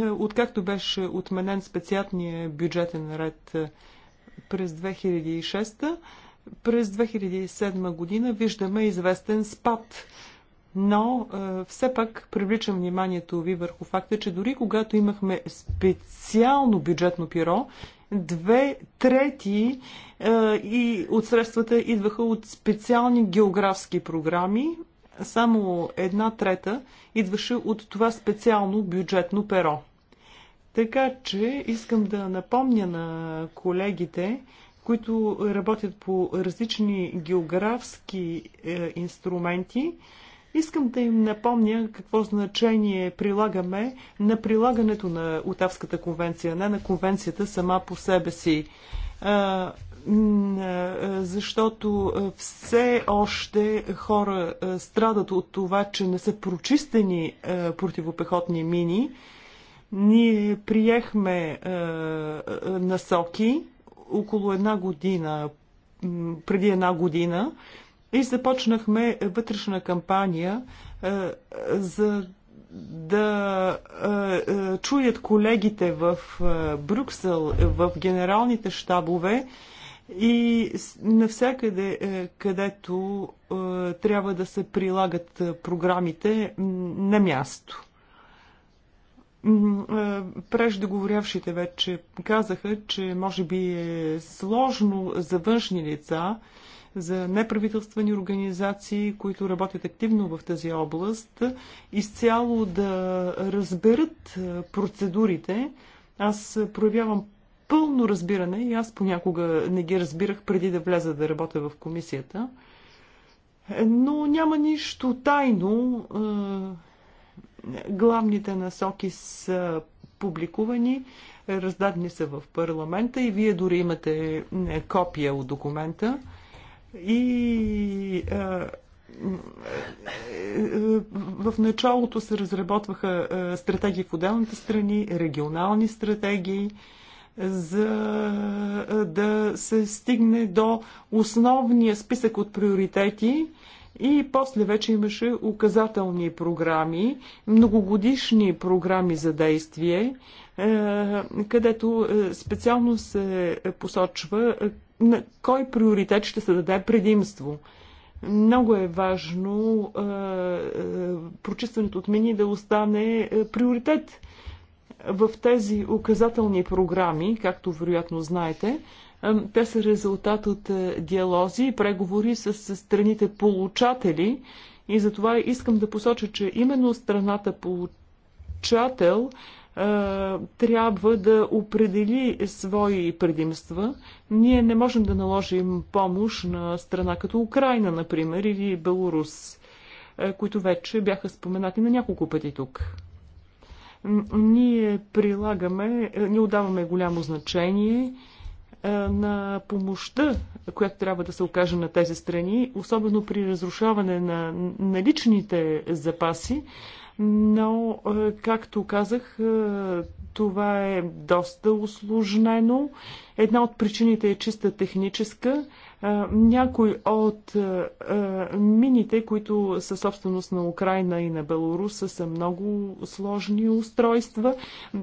е, откакто беше отменен специалния бюджетен ред е, през 2006, през 2007 година виждаме известен спад но е, все пак привличам вниманието ви върху факта, че дори когато имахме специално бюджетно пиро, две трети е, и от средствата идваха от специални географски програми. Само една трета идваше от това специално бюджетно перо. Така че искам да напомня на колегите, които работят по различни географски е, инструменти, Искам да им напомня какво значение прилагаме на прилагането на Отавската конвенция, не на конвенцията сама по себе си защото все още хора страдат от това, че не са прочистени противопехотни мини. Ние приехме насоки около една година, преди една година, и започнахме вътрешна кампания е, за да е, е, чуят колегите в е, Брюксел, в генералните щабове и навсякъде, е, където е, трябва да се прилагат е, програмите на място. Е, преждеговорявшите вече казаха, че може би е сложно за външни лица, за неправителствени организации, които работят активно в тази област, изцяло да разберат процедурите. Аз проявявам пълно разбиране и аз понякога не ги разбирах преди да вляза да работя в комисията. Но няма нищо тайно. Главните насоки са публикувани, раздадени са в парламента и вие дори имате е, копия от документа и е, е, в началото се разработваха стратегии в отделните страни, регионални стратегии, за да се стигне до основния списък от приоритети, и после вече имаше указателни програми, многогодишни програми за действие, е, където е, специално се посочва е, на кой приоритет ще се даде предимство. Много е важно прочистването от мини да остане приоритет в тези указателни програми, както вероятно знаете, те са резултат от е, диалози и преговори с страните получатели и затова искам да посоча, че именно страната получател трябва да определи свои предимства. Ние не можем да наложим помощ на страна като Украина, например, или Беларус, които вече бяха споменати на няколко пъти тук. Ние прилагаме, ние отдаваме голямо значение е, на помощта, която трябва да се окаже на тези страни, особено при разрушаване на наличните запаси, но, е, както казах, е, това е доста усложнено. Една от причините е чиста техническа някои от мините, които са собственост на Украина и на Беларуса, са много сложни устройства.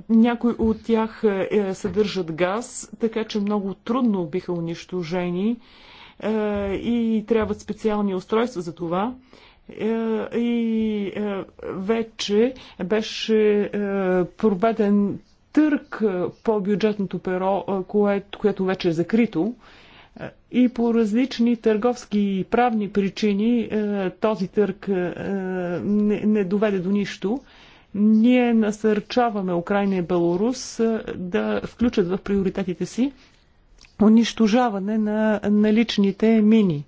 Някои от тях е, съдържат газ, така че много трудно биха унищожени и трябват специални устройства за това и вече беше проведен търк по бюджетното перо, което вече е закрито и по различни търговски и правни причини е, този търг е, не, не доведе до нищо. Ние насърчаваме Украина и Беларус е, да включат в приоритетите си унищожаване на наличните мини.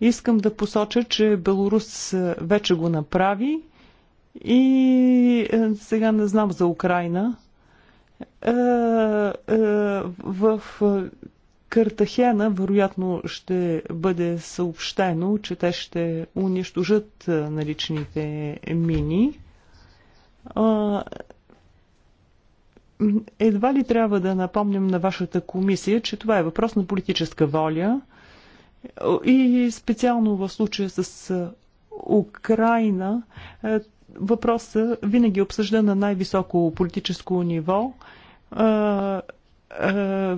Искам да посоча, че Беларус вече го направи и сега не знам за Украина. В Картахена вероятно ще бъде съобщено, че те ще унищожат наличните мини. Едва ли трябва да напомням на вашата комисия, че това е въпрос на политическа воля и специално в случая с Украина въпросът винаги е обсъждан на най-високо политическо ниво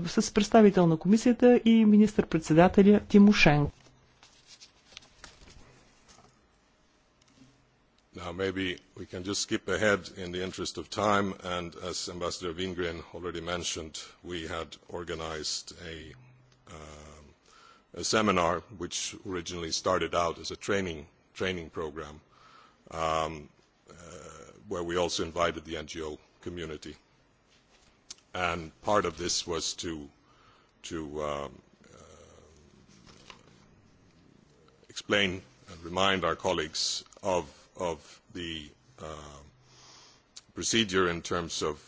с представител на комисията и министър-председателя Тимошенко. Now, maybe we can just skip ahead in the interest of time, and as Ambassador Wingren already mentioned, we had organized a seminar which originally started out as a training training program, where we also invited the NGO community and part of this was to explain and remind our colleagues of the procedure in terms of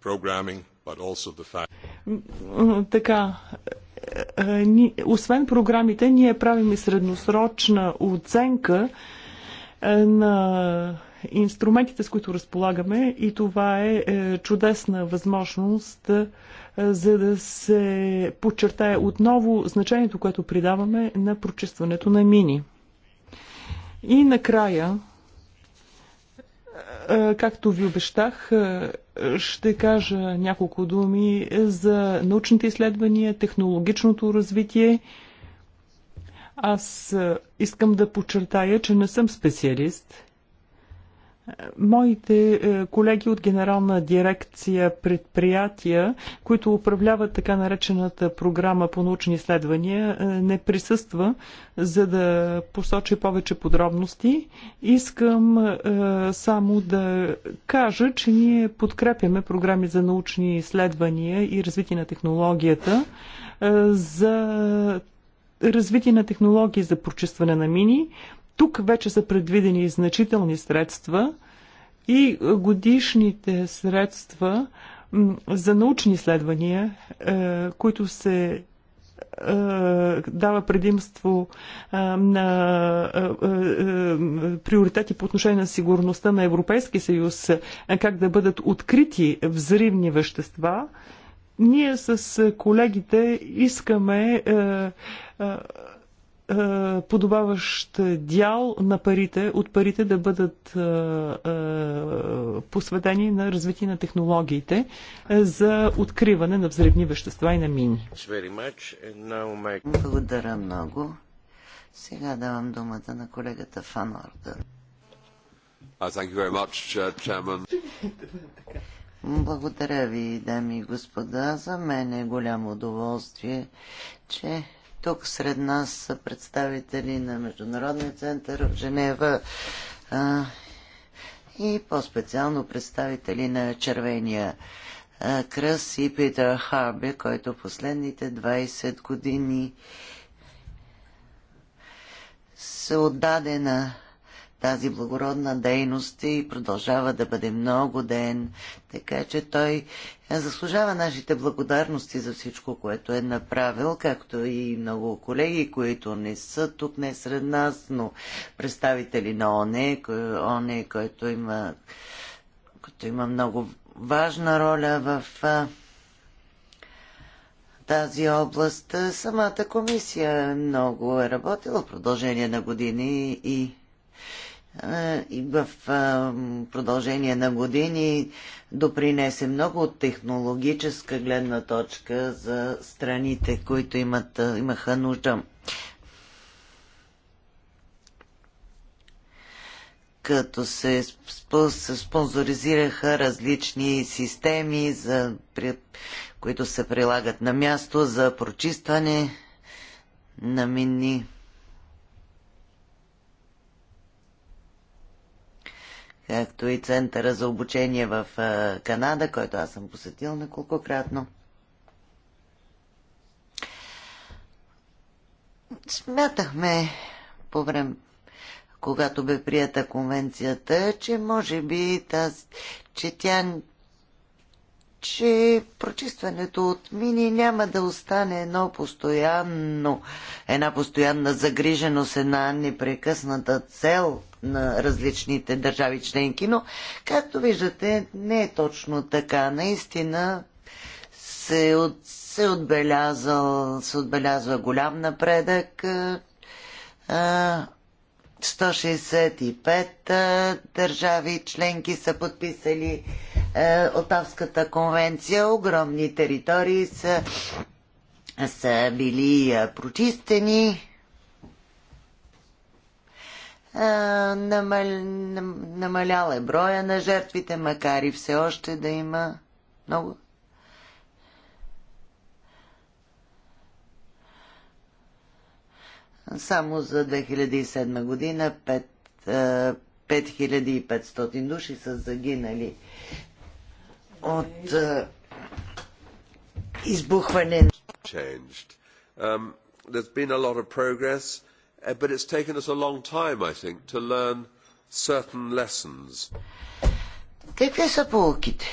programming, but also the fact. Така, освен програмите, ние правим и средносрочна оценка на инструментите, с които разполагаме и това е, е чудесна възможност е, за да се подчертае отново значението, което придаваме на прочистването на мини. И накрая, е, както ви обещах, ще кажа няколко думи за научните изследвания, технологичното развитие. Аз искам да подчертая, че не съм специалист – Моите е, колеги от Генерална дирекция предприятия, които управляват така наречената програма по научни изследвания, е, не присъства, за да посочи повече подробности. Искам е, само да кажа, че ние подкрепяме програми за научни изследвания и развитие на технологията за развитие на технологии за прочистване на мини, тук вече са предвидени значителни средства и годишните средства за научни изследвания, е, които се е, дава предимство е, на приоритети по отношение на сигурността на Европейския съюз, как да бъдат открити взривни вещества, ние с колегите искаме е, подобаващ дял на парите, от парите да бъдат е, е, посветени на развитие на технологиите за откриване на взривни вещества и на мини. Благодаря много. Сега давам думата на колегата Фан Орден. Uh, Благодаря ви, дами и господа. За мен е голямо удоволствие, че тук сред нас са представители на Международния център в Женева а, и по-специално представители на Червения а, кръс и Питър Харби, който последните 20 години се отдаде на тази благородна дейност и продължава да бъде много ден. Така че той заслужава нашите благодарности за всичко, което е направил, както и много колеги, които не са тук, не сред нас, но представители на ОНЕ, ОНЕ който има, който има много важна роля в тази област. Самата комисия много е работила в продължение на години и е, и в продължение на години допринесе много от технологическа гледна точка за страните, които имат, имаха нужда. Като се спонсоризираха различни системи, за, които се прилагат на място за прочистване на мини както и Центъра за обучение в Канада, който аз съм посетил неколкократно. Смятахме по време, когато бе прията конвенцията, че може би тази, че тя че прочистването от мини няма да остане едно постоянно, една постоянна загриженост, една непрекъсната цел на различните държави членки, но както виждате не е точно така. Наистина се, от, се, отбелязал, се отбелязва голям напредък. А, 165 държави членки са подписали е, Отавската конвенция. Огромни територии са, са били е, прочистени. Е, намал, намалял е броя на жертвите, макар и все още да има много. Само за 2007 година 5, 5500 души са загинали от е, избухване. Changed. Um, there's been a lot of progress, but it's taken us a long time, I think, to learn certain lessons. Какви са полуките?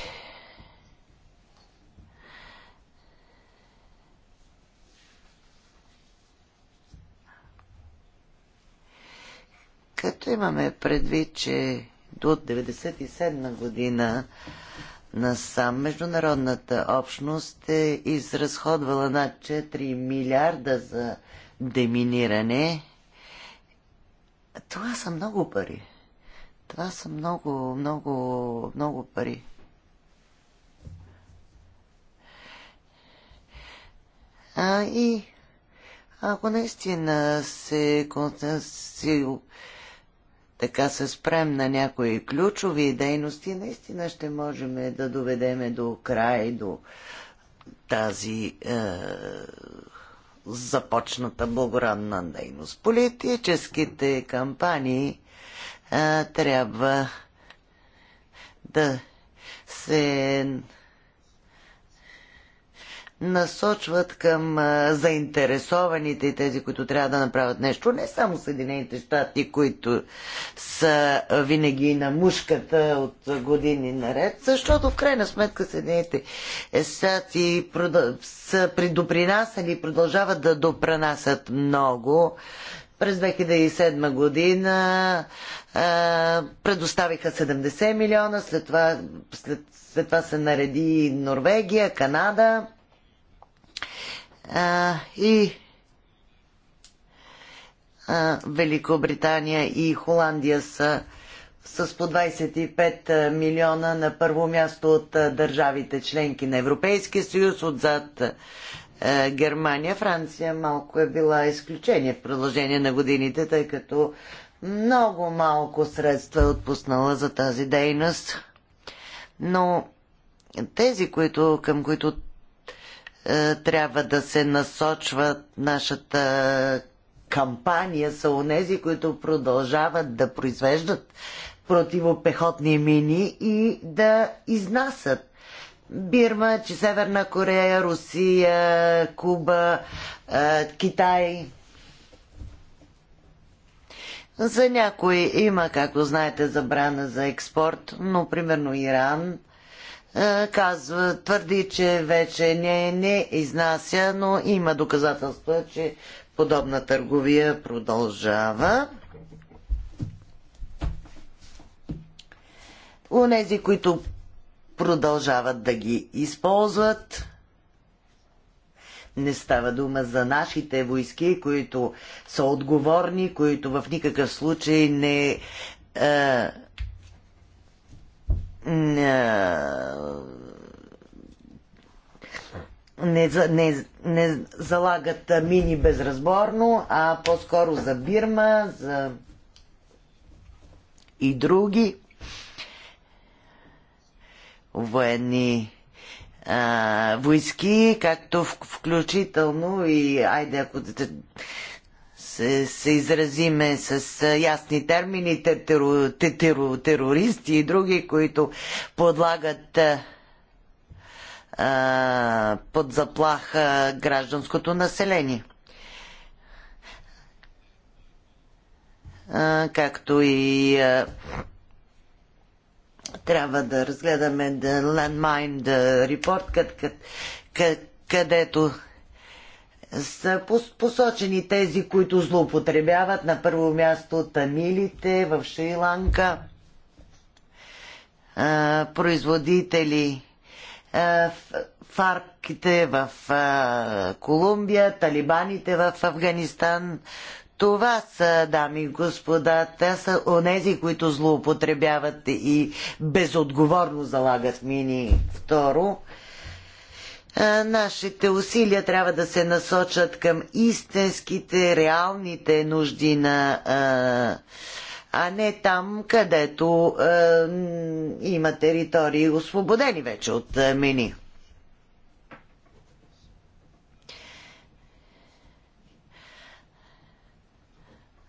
Като имаме предвид, че до 1997 година насам международната общност е изразходвала над 4 милиарда за деминиране. Това са много пари. Това са много, много, много пари. А и ако наистина се, се така се спрем на някои ключови дейности, наистина ще можем да доведеме до край, до тази е, започната благоранна дейност. Политическите кампании е, трябва да се насочват към заинтересованите и тези, които трябва да направят нещо. Не само Съединените щати, които са винаги на мушката от години наред, защото в крайна сметка Съединените щати са предопринасяли и продължават да допренасят много през 2007 година а, предоставиха 70 милиона, след това, след, след това се нареди Норвегия, Канада а, и а, Великобритания и Холандия са с по 25 милиона на първо място от държавите членки на Европейския съюз, отзад е, Германия. Франция малко е била изключение в продължение на годините, тъй като много малко средства е отпуснала за тази дейност. Но тези, които, към които е, трябва да се насочва нашата кампания са онези, които продължават да произвеждат противопехотни мини и да изнасят. Бирма, че Северна Корея, Русия, Куба, е, Китай. За някои има, както знаете, забрана за експорт, но примерно Иран – е, казва, твърди, че вече не, не изнася, но има доказателства, че подобна търговия продължава. Онези, които продължават да ги използват, не става дума за нашите войски, които са отговорни, които в никакъв случай не е, не, не, не залагат мини безразборно, а по-скоро за Бирма, за и други военни а, войски, както в, включително и, айде, ако се, се изразиме с ясни термини, терористи и други, които подлагат под заплаха гражданското население. както и трябва да разгледаме The Landmine the Report, където са посочени тези, които злоупотребяват на първо място тамилите в Шри-Ланка, производители фарките в Колумбия, талибаните в Афганистан. Това са, дами и господа, те са онези, които злоупотребяват и безотговорно залагат мини. Второ, Нашите усилия трябва да се насочат към истинските, реалните нужди на а не там, където е, има територии освободени вече от е, мини.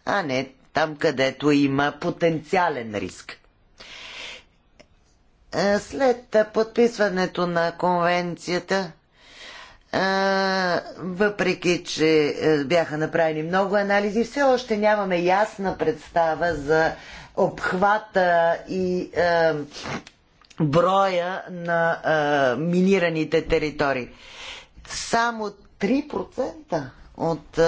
А не там, където има потенциален риск. Е, след подписването на конвенцията, е, въпреки че е, бяха направени много анализи, все още нямаме ясна представа за обхвата и броя на минираните територии. Само 3% от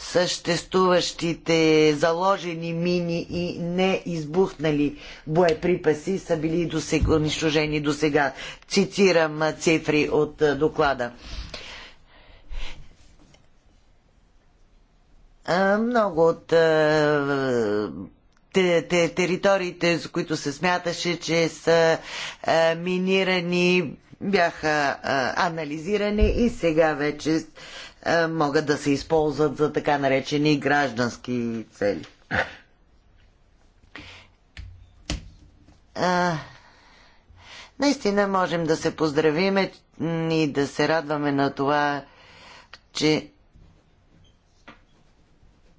съществуващите заложени мини и неизбухнали боеприпаси са били досега, унищожени до сега. Цитирам цифри от доклада. Много от те, те, териториите, за които се смяташе, че са минирани, бяха анализирани и сега вече е, могат да се използват за така наречени граждански цели. А, е, наистина можем да се поздравиме и да се радваме на това, че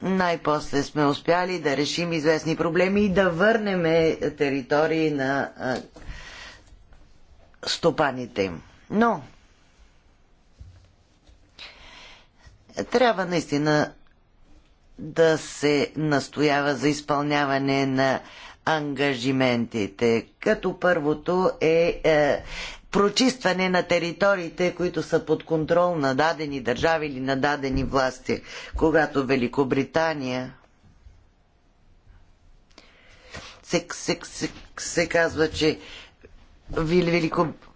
най-после сме успяли да решим известни проблеми и да върнем територии на а, е, стопаните им. Но Трябва наистина да се настоява за изпълняване на ангажиментите, като първото е, е прочистване на териториите, които са под контрол на дадени държави или на дадени власти, когато Великобритания се, се, се, се казва, че Великобритания.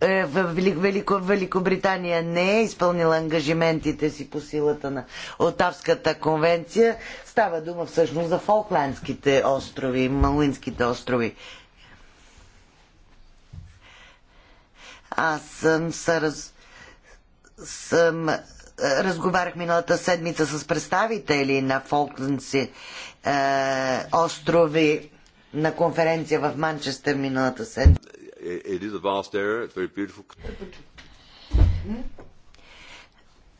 Е, в Велико, Великобритания не е изпълнила ангажиментите си по силата на Отавската конвенция. Става дума всъщност за Фолкландските острови, Малуинските острови. Аз съм, раз... съм е, разговарях миналата седмица с представители на Фолкландси е, острови на конференция в Манчестър миналата седмица it is a vast area. It's very beautiful.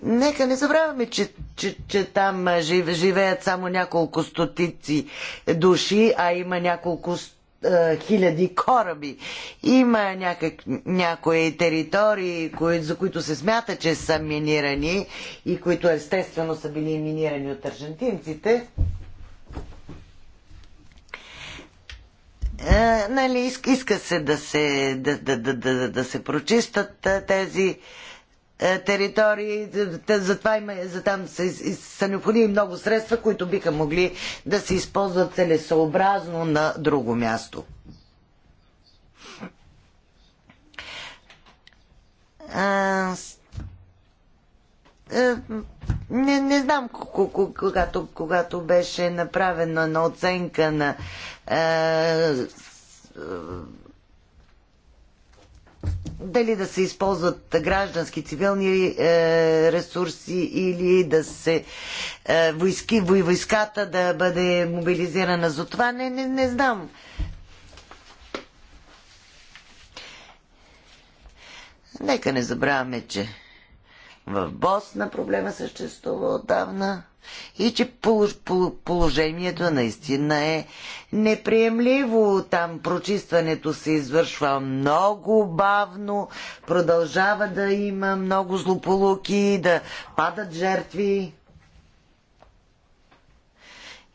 Нека не забравяме, че, че, че там живеят само няколко стотици души, а има няколко хиляди кораби. Има някак, някои територии, кои, за които се смята, че са минирани и които естествено са били минирани от аржентинците. а, е, нали, иска, иска се да се, да, да, да, да, да се прочистат е, тези а, е, територии. Затова има, за там са, са необходими много средства, които биха могли да се използват целесообразно на друго място. А, не, не знам, когато, когато беше направена на оценка на е, е, дали да се използват граждански цивилни е, ресурси или да се е, войски, войската да бъде мобилизирана за това. Не, не, не знам. Нека не забравяме, че в Босна проблема съществува отдавна и че положението наистина е неприемливо. Там прочистването се извършва много бавно, продължава да има много злополуки, да падат жертви.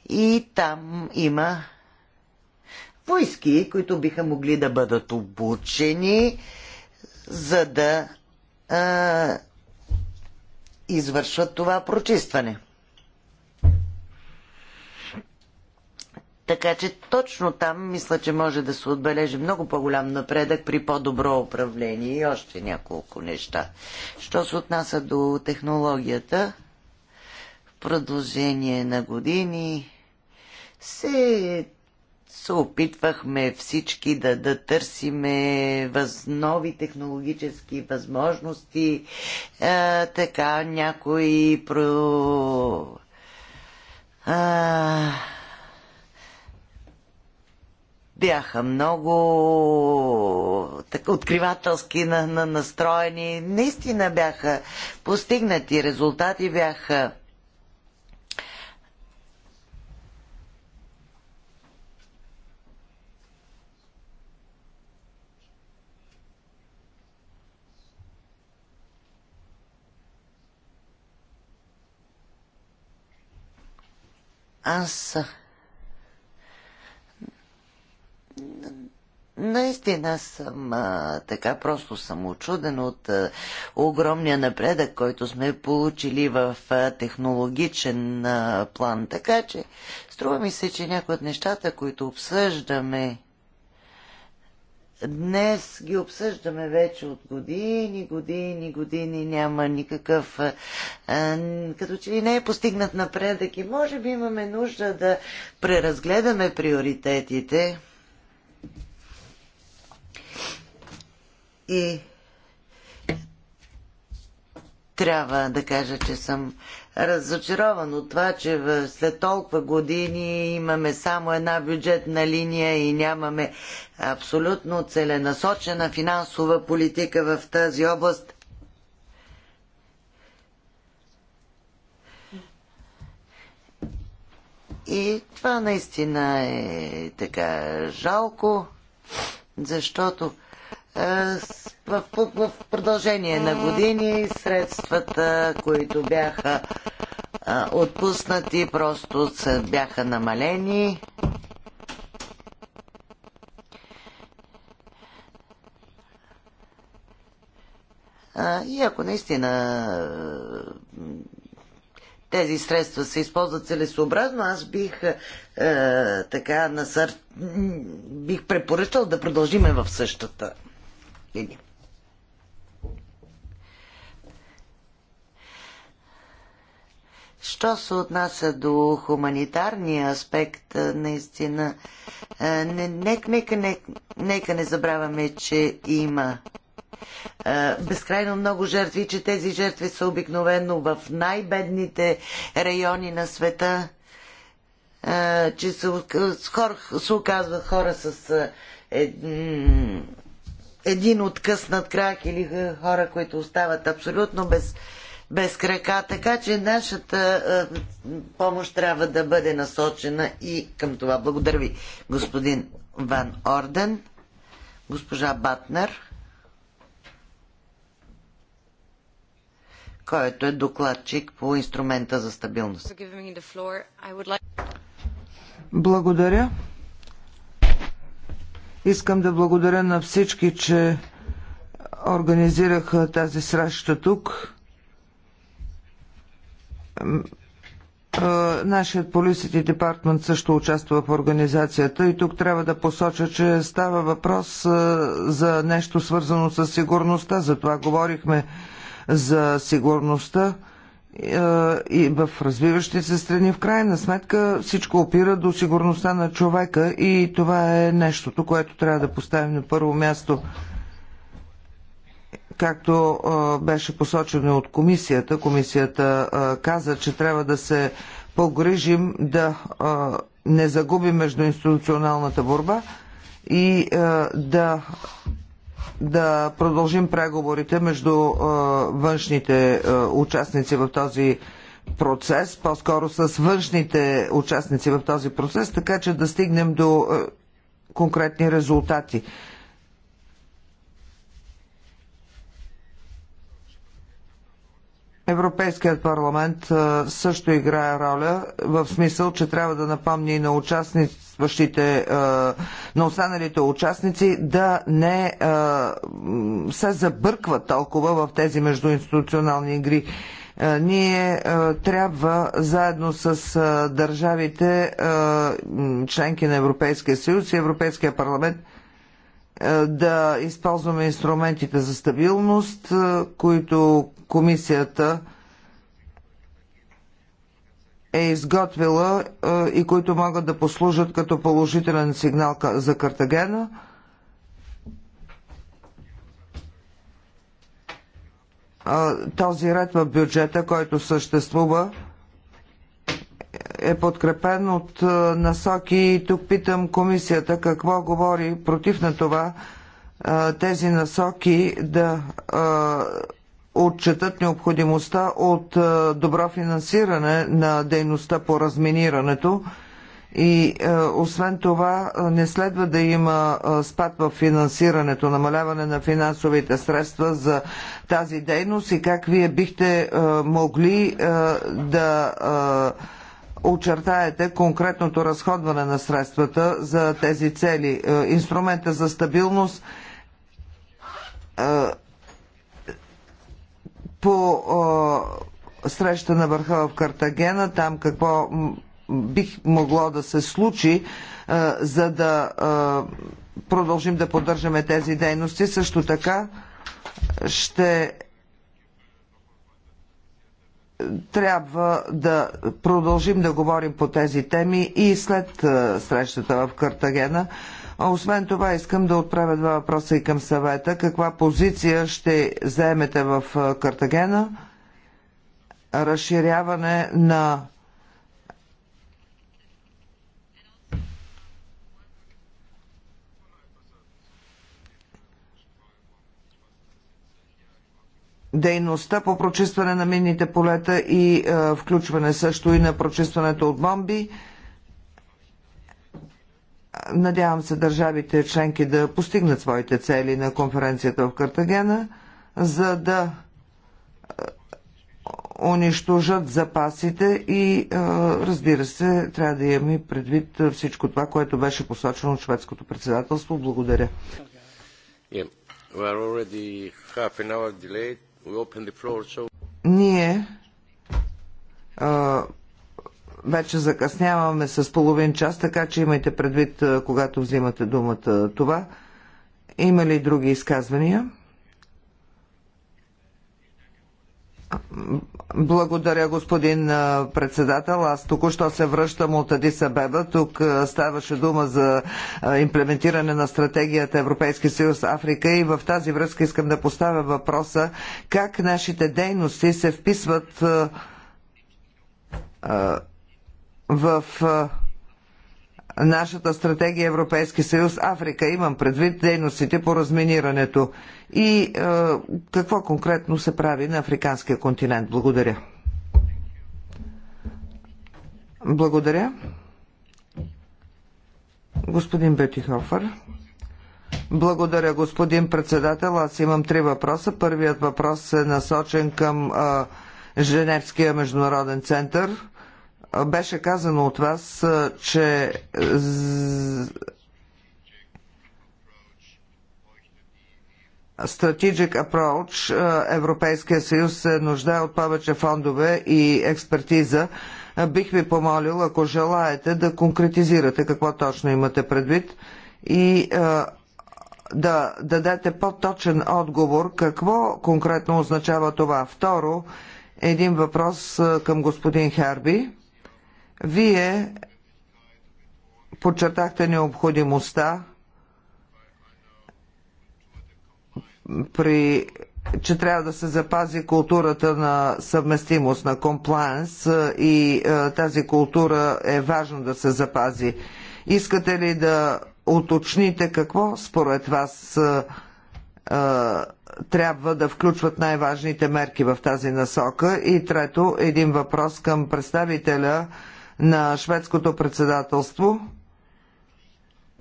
И там има войски, които биха могли да бъдат обучени, за да а, извършват това прочистване. Така че точно там мисля, че може да се отбележи много по-голям напредък при по-добро управление и още няколко неща. Що се отнася до технологията, в продължение на години се се опитвахме всички да, да търсиме въз, нови технологически възможности. А, е, така, някои про... А, бяха много така, откривателски на, на настроени. Наистина бяха постигнати резултати, бяха Аз Наистина съм а, така, просто съм очуден от а, огромния напредък, който сме получили в а, технологичен а, план. Така че, струва ми се, че някои от нещата, които обсъждаме Днес ги обсъждаме вече от години, години, години, няма никакъв... като че ли не е постигнат напредък и може би имаме нужда да преразгледаме приоритетите и трябва да кажа, че съм разочарован от това, че след толкова години имаме само една бюджетна линия и нямаме абсолютно целенасочена финансова политика в тази област. И това наистина е така жалко, защото е, в, в продължение на години средствата, които бяха е, отпуснати, просто бяха намалени. Е, и ако наистина тези средства се използват целесообразно, аз бих е, така насър... бих препоръчал да продължиме в същата Лилия. Що се отнася до хуманитарния аспект, наистина, не, нека, нека, нека, нека не забравяме, че има безкрайно много жертви, че тези жертви са обикновено в най-бедните райони на света, че се, хора, се оказват хора с един откъснат крак или хора, които остават абсолютно без, без крака. Така че нашата помощ трябва да бъде насочена и към това. Благодаря ви, господин Ван Орден, госпожа Батнер, който е докладчик по инструмента за стабилност. Благодаря. Искам да благодаря на всички, че организираха тази среща тук. Нашият полисити департмент също участва в организацията и тук трябва да посоча, че става въпрос за нещо свързано с сигурността. Затова говорихме за сигурността. Е, и в развиващи се страни. В крайна сметка всичко опира до сигурността на човека и това е нещото, което трябва да поставим на първо място. Както е, беше посочено от комисията, комисията е, каза, че трябва да се погрижим да не загубим междуинституционалната борба и да да продължим преговорите между е, външните е, участници в този процес, по-скоро с външните участници в този процес, така че да стигнем до е, конкретни резултати. Европейският парламент също играе роля, в смисъл, че трябва да напомни на участниците, на останалите участници да не се забъркват толкова в тези междуинституционални игри ние трябва заедно с държавите членки на Европейския съюз и Европейския парламент е, да използваме инструментите за стабилност, е, които комисията е изготвила е, и които могат да послужат като положителен сигнал за Картагена. Този ред в бюджета, който съществува, е подкрепен от е, насоки и тук питам комисията какво говори против на това е, тези насоки да е, отчетат необходимостта от добро финансиране на дейността по разминирането и освен това не следва да има спад в финансирането, намаляване на финансовите средства за тази дейност и как вие бихте могли да очертаете конкретното разходване на средствата за тези цели. Е, инструмента за стабилност е, по е, среща на върха в Картагена, там какво бих могло да се случи, за да продължим да поддържаме тези дейности. Също така ще трябва да продължим да говорим по тези теми и след е, срещата в Картагена. освен това искам да отправя два въпроса и към съвета. Каква позиция ще заемете в е, Картагена? Разширяване на дейността по прочистване на минните полета и а, е, включване също и на прочистването от бомби. Надявам се държавите членки да постигнат своите цели на конференцията в Картагена, за да е, унищожат запасите и е, разбира се, трябва да имаме предвид всичко това, което беше посочено от шведското председателство. Благодаря. Yeah. Ние а, вече закъсняваме с половин час, така че имайте предвид, когато взимате думата това. Има ли други изказвания? Благодаря, господин председател. Аз току-що се връщам от Беба. Тук ставаше дума за имплементиране на стратегията Европейски съюз Африка и в тази връзка искам да поставя въпроса как нашите дейности се вписват в нашата стратегия Европейски съюз Африка. Имам предвид дейностите по разминирането. И е, какво конкретно се прави на африканския континент? Благодаря. Благодаря. Господин Бетихофър. Благодаря, господин председател. Аз имам три въпроса. Първият въпрос е насочен към е, Женевския международен център беше казано от вас, че е, Strategic Approach е, Европейския съюз се нуждае от повече фондове и експертиза. Е, бих ви помолил, ако желаете, да конкретизирате какво точно имате предвид и да дадете по-точен отговор какво конкретно означава това. Второ, един въпрос към господин Харби. Вие подчертахте необходимостта при че трябва да се запази културата на съвместимост, на комплайенс и тази култура е важно да се запази. Искате ли да уточните какво според вас трябва да включват най-важните мерки в тази насока? И трето, един въпрос към представителя на шведското председателство,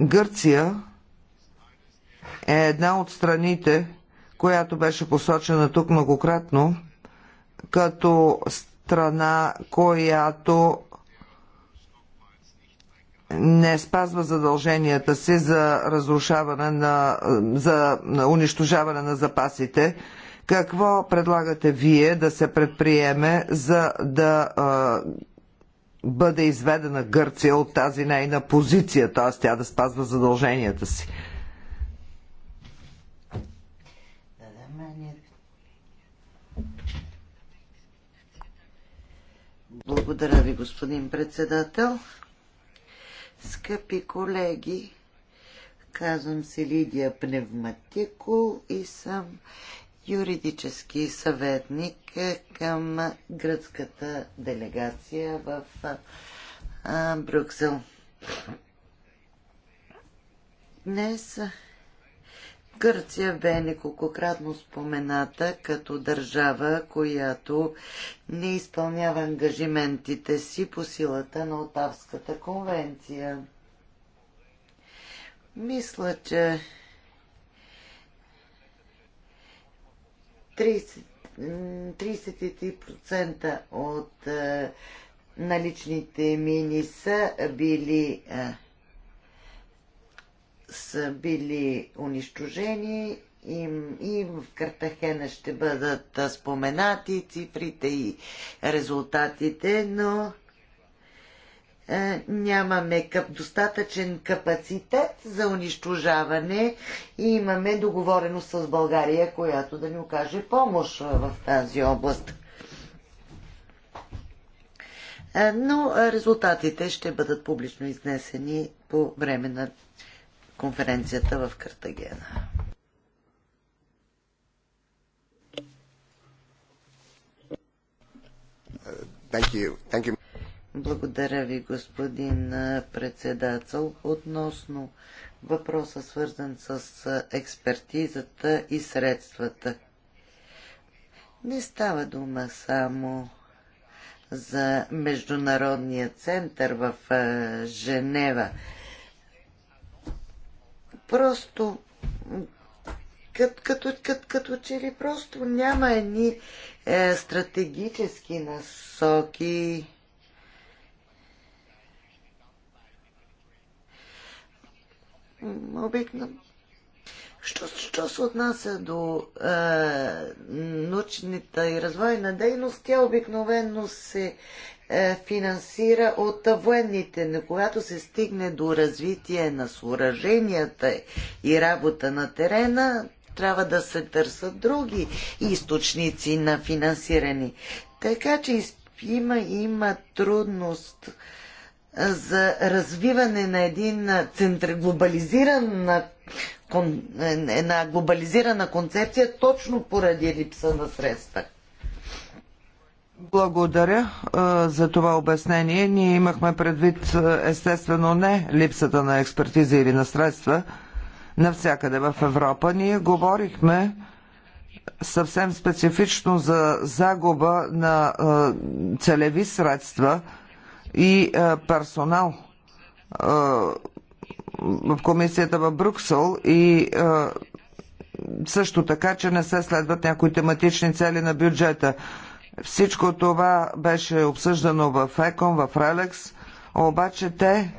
Гърция е една от страните, която беше посочена тук многократно, като страна, която не спазва задълженията си за разрушаване на, за унищожаване на запасите. Какво предлагате вие да се предприеме, за да бъде изведена Гърция от тази нейна позиция, т.е. тя да спазва задълженията си. Благодаря ви, господин председател. Скъпи колеги, казвам се Лидия Пневматико и съм юридически съветник е, към гръцката делегация в Брюксел. Днес Гърция бе неколкократно спомената като държава, която не изпълнява ангажиментите си по силата на Отавската конвенция. Мисля, че 33% от е, наличните мини са били е, са били унищожени и, и в Картахена ще бъдат е, споменати цифрите и резултатите, но е, нямаме достатъчен капацитет за унищожаване и имаме договореност с България, която да ни окаже помощ е, в тази област. Е, но резултатите ще бъдат публично изнесени по време на конференцията в Картагена. Thank you. Thank you. Благодаря ви, господин председател. Относно въпроса, свързан с експертизата и средствата. Не става дума само за Международния център в Женева. Просто като, като, като, като че ли просто няма едни е, стратегически насоки обект Що, що се отнася до е, научната и развойна дейност, тя обикновено се е, финансира от военните, но когато се стигне до развитие на съоръженията и работа на терена, трябва да се търсят други източници на финансиране. Така че има, има трудност за развиване на един центр, глобализиран една глобализирана концепция точно поради липса на средства. Благодаря за това обяснение. Ние имахме предвид естествено не липсата на експертиза или на средства навсякъде в Европа. Ние говорихме съвсем специфично за загуба на целеви средства – и персонал в комисията в Брюксел и също така, че не се следват някои тематични цели на бюджета. Всичко това беше обсъждано в ЕКОН, в Релекс, обаче те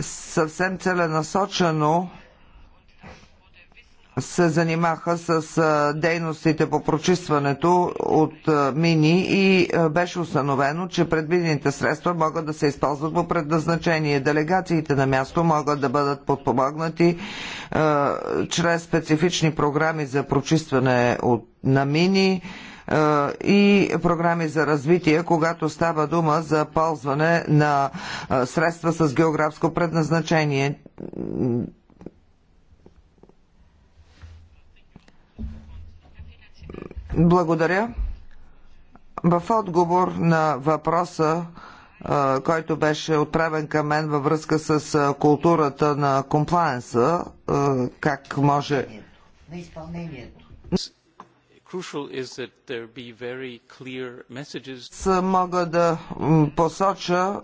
съвсем целенасочено се занимаха с дейностите по прочистването от мини и беше установено, че предвидените средства могат да се използват по предназначение. Делегациите на място могат да бъдат подпомогнати чрез специфични програми за прочистване на мини и програми за развитие, когато става дума за ползване на средства с географско предназначение. Благодаря. В отговор на въпроса, който беше отправен към мен във връзка с културата на комплаенса, как може на изпълнението. Мога да посоча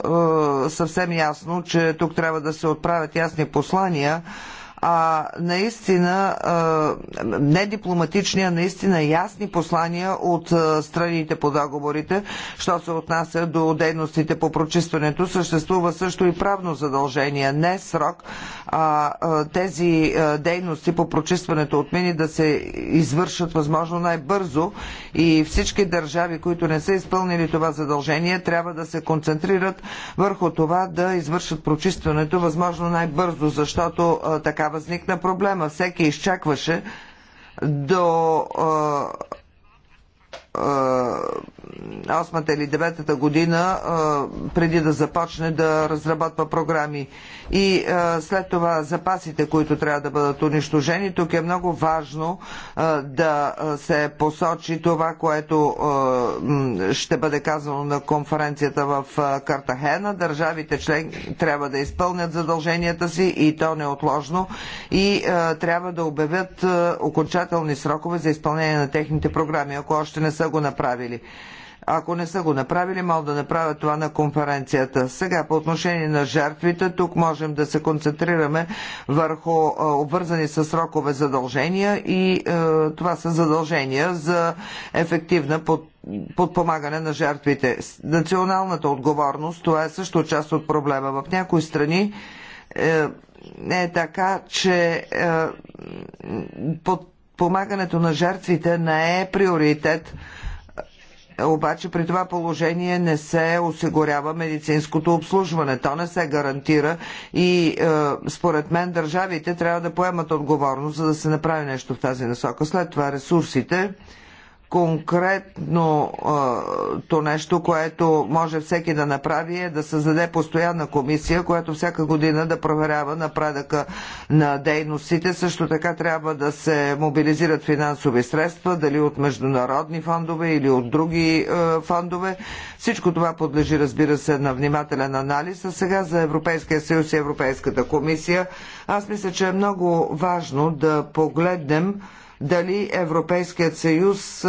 съвсем ясно, че тук трябва да се отправят ясни послания а наистина не дипломатични, а наистина ясни послания от страните по договорите, що се отнася до дейностите по прочистването. Съществува също и правно задължение, не срок, а тези дейности по прочистването от мини да се извършат възможно най-бързо и всички държави, които не са изпълнили това задължение, трябва да се концентрират върху това да извършат прочистването възможно най-бързо, защото така възникна проблема. Всеки изчакваше до 8-та или 9-та година, преди да започне да разработва програми. И след това запасите, които трябва да бъдат унищожени, тук е много важно да се посочи това, което ще бъде казано на конференцията в Картахена. Държавите член трябва да изпълнят задълженията си и то неотложно и трябва да обявят окончателни срокове за изпълнение на техните програми. Ако още не са го направили. Ако не са го направили, могат да направят това на конференцията. Сега по отношение на жертвите, тук можем да се концентрираме върху обвързани с срокове задължения и това са задължения за ефективна подпомагане подпомагане на жертвите. Националната отговорност, това е също част от проблема. В някои страни е, е така, че е, подпомагането на жертвите не е приоритет обаче при това положение не се осигурява медицинското обслужване. То не се гарантира и е, според мен държавите трябва да поемат отговорност, за да се направи нещо в тази насока. След това ресурсите. Конкретно то нещо, което може всеки да направи е да създаде постоянна комисия, която всяка година да проверява напредъка на дейностите. Също така трябва да се мобилизират финансови средства, дали от международни фондове или от други фондове. Всичко това подлежи, разбира се, на внимателен анализ. А сега за Европейския съюз и Европейската комисия. Аз мисля, че е много важно да погледнем дали Европейският съюз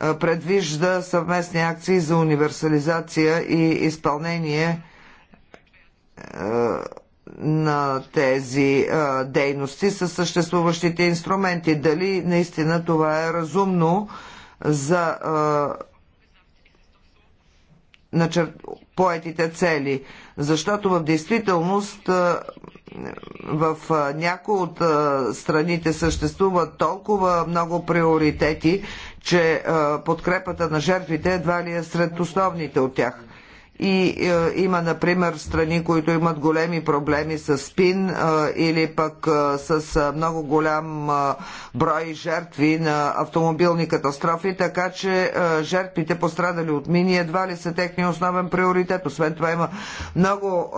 предвижда съвместни акции за универсализация и изпълнение на тези дейности с съществуващите инструменти. Дали наистина това е разумно за поетите цели? Защото в действителност в някои от страните съществуват толкова много приоритети, че подкрепата на жертвите едва ли е сред основните от тях. И е, има, например, страни, които имат големи проблеми с спин е, или пък е, с е, много голям е, брой жертви на автомобилни катастрофи, така че е, жертвите пострадали от мини едва ли са техния основен приоритет. Освен това има много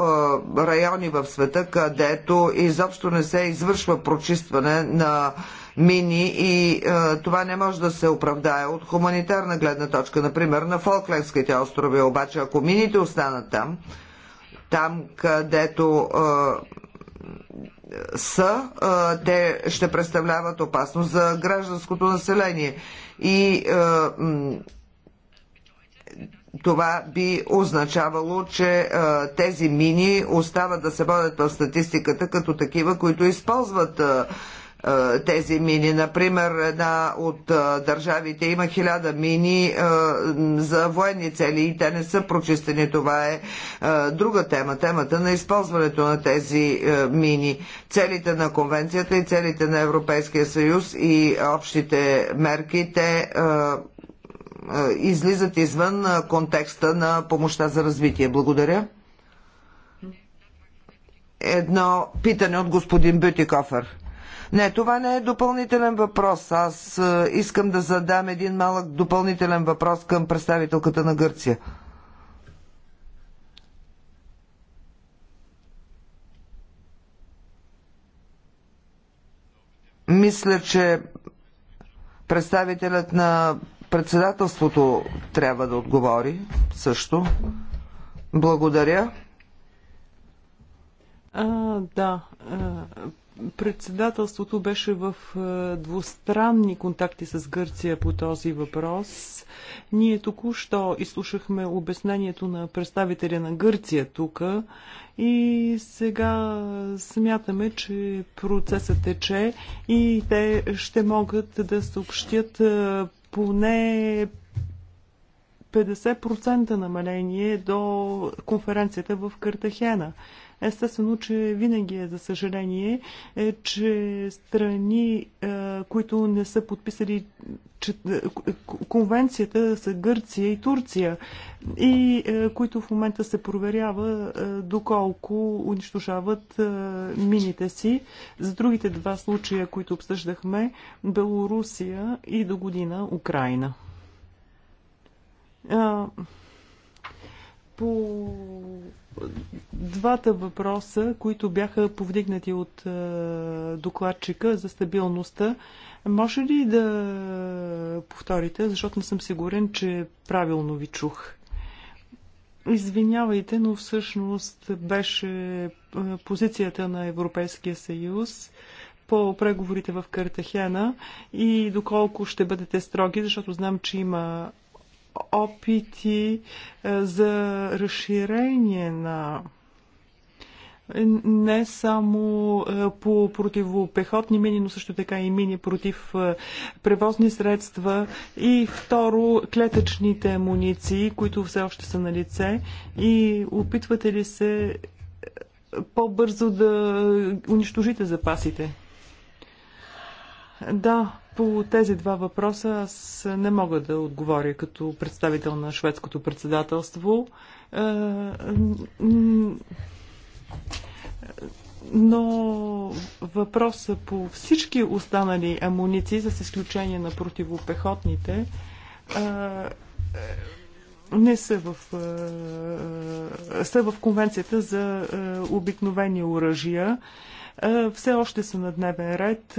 райони в света, където изобщо не се извършва прочистване на мини и е, това не може да се оправдае от хуманитарна гледна точка. Например, на Фолклендските острови, обаче ако мините останат там, там където е, са, е, те ще представляват опасност за гражданското население. И е, това би означавало, че е, тези мини остават да се водят в статистиката като такива, които използват е, е, тези мини. Например, една от е, държавите има хиляда мини е, за военни цели и те не са прочистени. Това е друга тема, темата на използването на тези мини. Целите на конвенцията и целите на Европейския съюз и общите мерки, те излизат извън контекста на помощта за развитие. Благодаря. Едно питане от господин Бютикофер. Не, това не е допълнителен въпрос. Аз е, искам да задам един малък допълнителен въпрос към представителката на Гърция. Мисля, че представителят на председателството трябва да отговори също. Благодаря. А, да, Председателството беше в е, двустранни контакти с Гърция по този въпрос. Ние току-що изслушахме обяснението на представителя на Гърция тук и сега смятаме, че процесът е тече и те ще могат да съобщят е, поне 50% намаление до конференцията в Картахена. Естествено, че винаги е за съжаление, е, че страни, е, които не са подписали че, е, конвенцията са Гърция и Турция и е, които в момента се проверява доколко унищожават мините си. За другите два случая, които обсъждахме, Белорусия и до година Украина. По двата въпроса, които бяха повдигнати от е, докладчика за стабилността, може ли да повторите, защото не съм сигурен, че правилно ви чух? Извинявайте, но всъщност беше е, позицията на Европейския съюз по преговорите в Картахена и доколко ще бъдете строги, защото знам, че има опити е, за разширение на е, не само е, по противопехотни мини, но също така и мини против превозни средства и второ клетъчните муниции, които все още са на лице и опитвате ли се по-бързо да унищожите запасите? Да, по тези два въпроса аз не мога да отговоря като представител на шведското председателство. Е, но въпроса по всички останали амуниции, за изключение на противопехотните, е, е, не са в, са в конвенцията за обикновени оръжия все още са на дневен ред.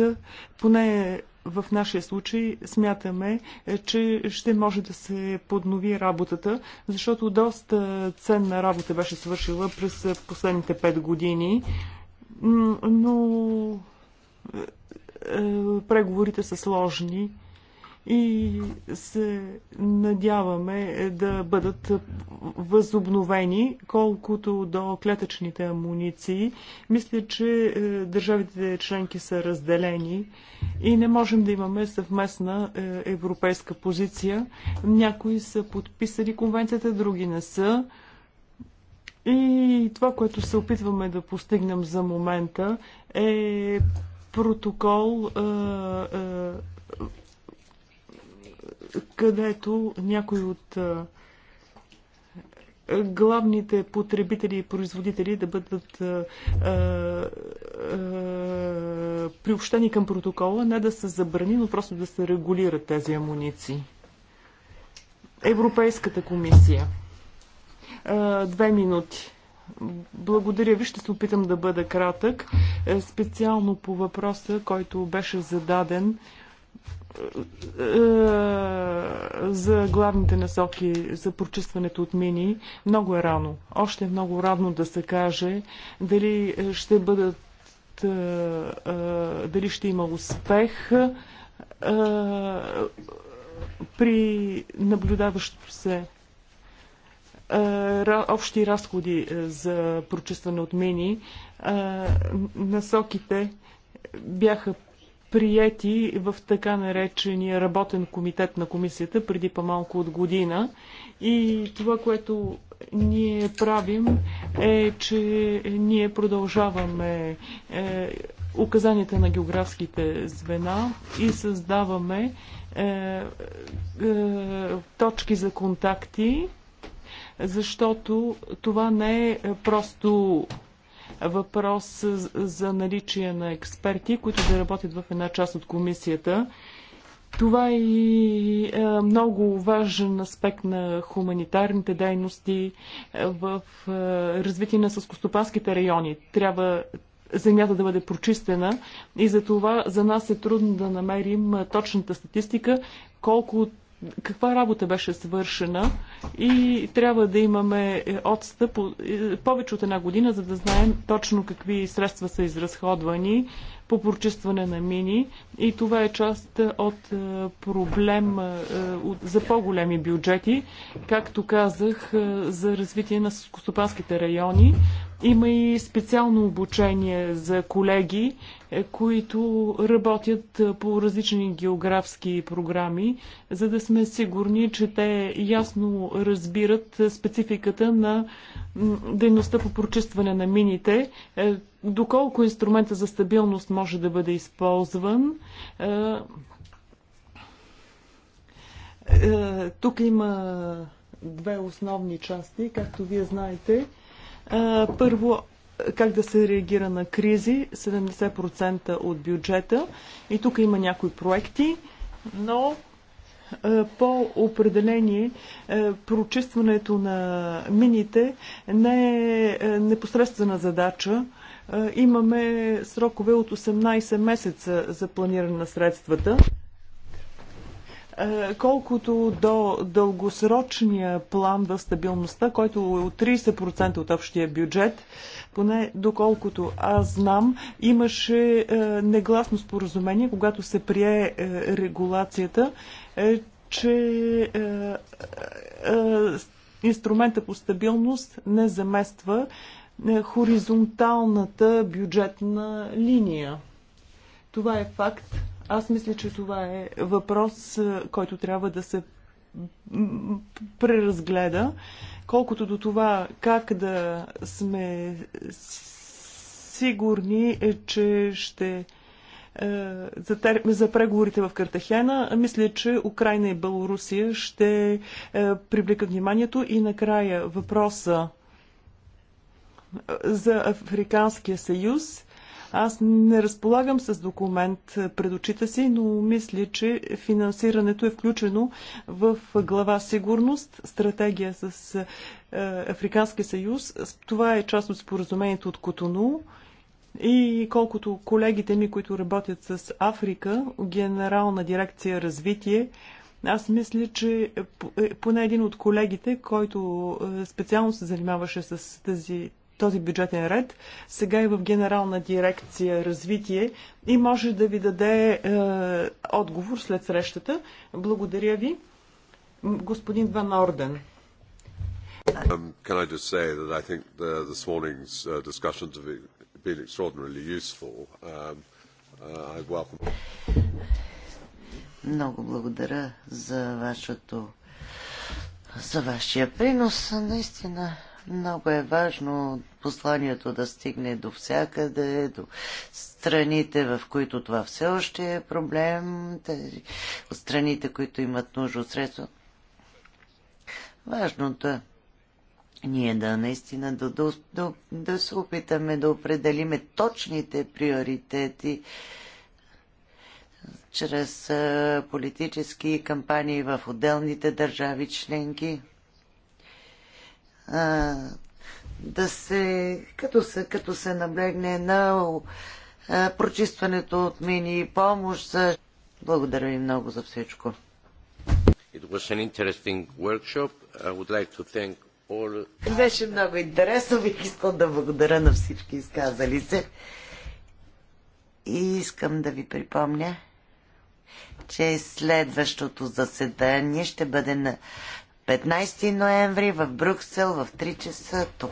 Поне в нашия случай смятаме, е, че ще може да се поднови работата, защото доста ценна работа беше свършила през последните 5 години, но е, е, преговорите са сложни и се надяваме да бъдат възобновени, колкото до клетъчните амуниции. Мисля, че е, държавите членки са разделени и не можем да имаме съвместна е, европейска позиция. Някои са подписали конвенцията, други не са. И това, което се опитваме да постигнем за момента е протокол е, където някои от главните потребители и производители да бъдат а, а, приобщени към протокола, не да се забрани, но просто да се регулират тези амуниции. Европейската комисия. А, две минути. Благодаря ви, ще се опитам да бъда кратък. Е, специално по въпроса, който беше зададен. А, е, за главните насоки за прочистването от мини. Много е рано. Още е много рано да се каже дали ще бъдат е, е, дали ще има успех при наблюдаващото се общи разходи за прочистване от мини. Насоките бяха приети в така наречения работен комитет на комисията преди по-малко от година. И това, което ние правим е, че ние продължаваме е, указанията на географските звена и създаваме е, е, точки за контакти, защото това не е просто въпрос за наличие на експерти, които да работят в една част от комисията. Това е и е, много важен аспект на хуманитарните дейности е, в е, развитие на съскостопанските райони. Трябва земята да бъде прочистена и за това за нас е трудно да намерим точната статистика, колко каква работа беше свършена и трябва да имаме е, отстъп е, повече от една година, за да знаем точно какви средства са изразходвани по прочистване на мини и това е част от е, проблем за по-големи бюджети, както казах, за развитие на скостопанските райони. Има и специално обучение за колеги, е, които работят е, по различни географски програми, за да сме сигурни, че те ясно разбират е, спецификата на дейността по прочистване на мините, доколко инструмента за стабилност може да бъде използван. Тук има две основни части, както вие знаете. Първо, как да се реагира на кризи, 70% от бюджета. И тук има някои проекти, но по определение прочистването на мините не е непосредствена задача. Имаме срокове от 18 месеца за планиране на средствата. Е, колкото до дългосрочния план за стабилността, който е от 30% от общия бюджет, поне доколкото аз знам, имаше е, негласно споразумение, когато се прие е, регулацията, че инструмента по стабилност не замества хоризонталната бюджетна линия. Това е факт. Аз мисля, че това е въпрос, който трябва да се преразгледа. Колкото до това как да сме сигурни, е, че ще за, тер... за преговорите в Картахена. Мисля, че Украина и Белорусия ще привлекат вниманието и накрая въпроса за Африканския съюз аз не разполагам с документ пред очите си, но мисля, че финансирането е включено в глава Сигурност, стратегия с е, Африканския съюз. Това е част от споразумението от Котону. И колкото колегите ми, които работят с Африка, Генерална дирекция развитие, аз мисля, че е, е, поне един от колегите, който специално се занимаваше с тази този бюджетен ред. Сега е в Генерална дирекция развитие и може да ви даде е, отговор след срещата. Благодаря ви. Господин Ван Орден. Um, can I just say that I think the, this morning's uh, discussions have been extraordinarily useful. Um, uh, I welcome. Много благодаря за вашето за вашия принос. Наистина много е важно посланието да стигне до всякъде, до страните, в които това все още е проблем, тези, страните, които имат нужда от средства. Важното е ние да наистина да, да, да, да се опитаме да определиме точните приоритети чрез политически кампании в отделните държави членки да се, като се, като се наблегне на а, прочистването от мини и помощ. За... Благодаря ви много за всичко. It was an interesting workshop. I would like to thank all... Беше много интересно. Бих искал да благодаря на всички изказали се. И искам да ви припомня, че следващото заседание ще бъде на 15 ноември в Брюксел в 3 часа тук.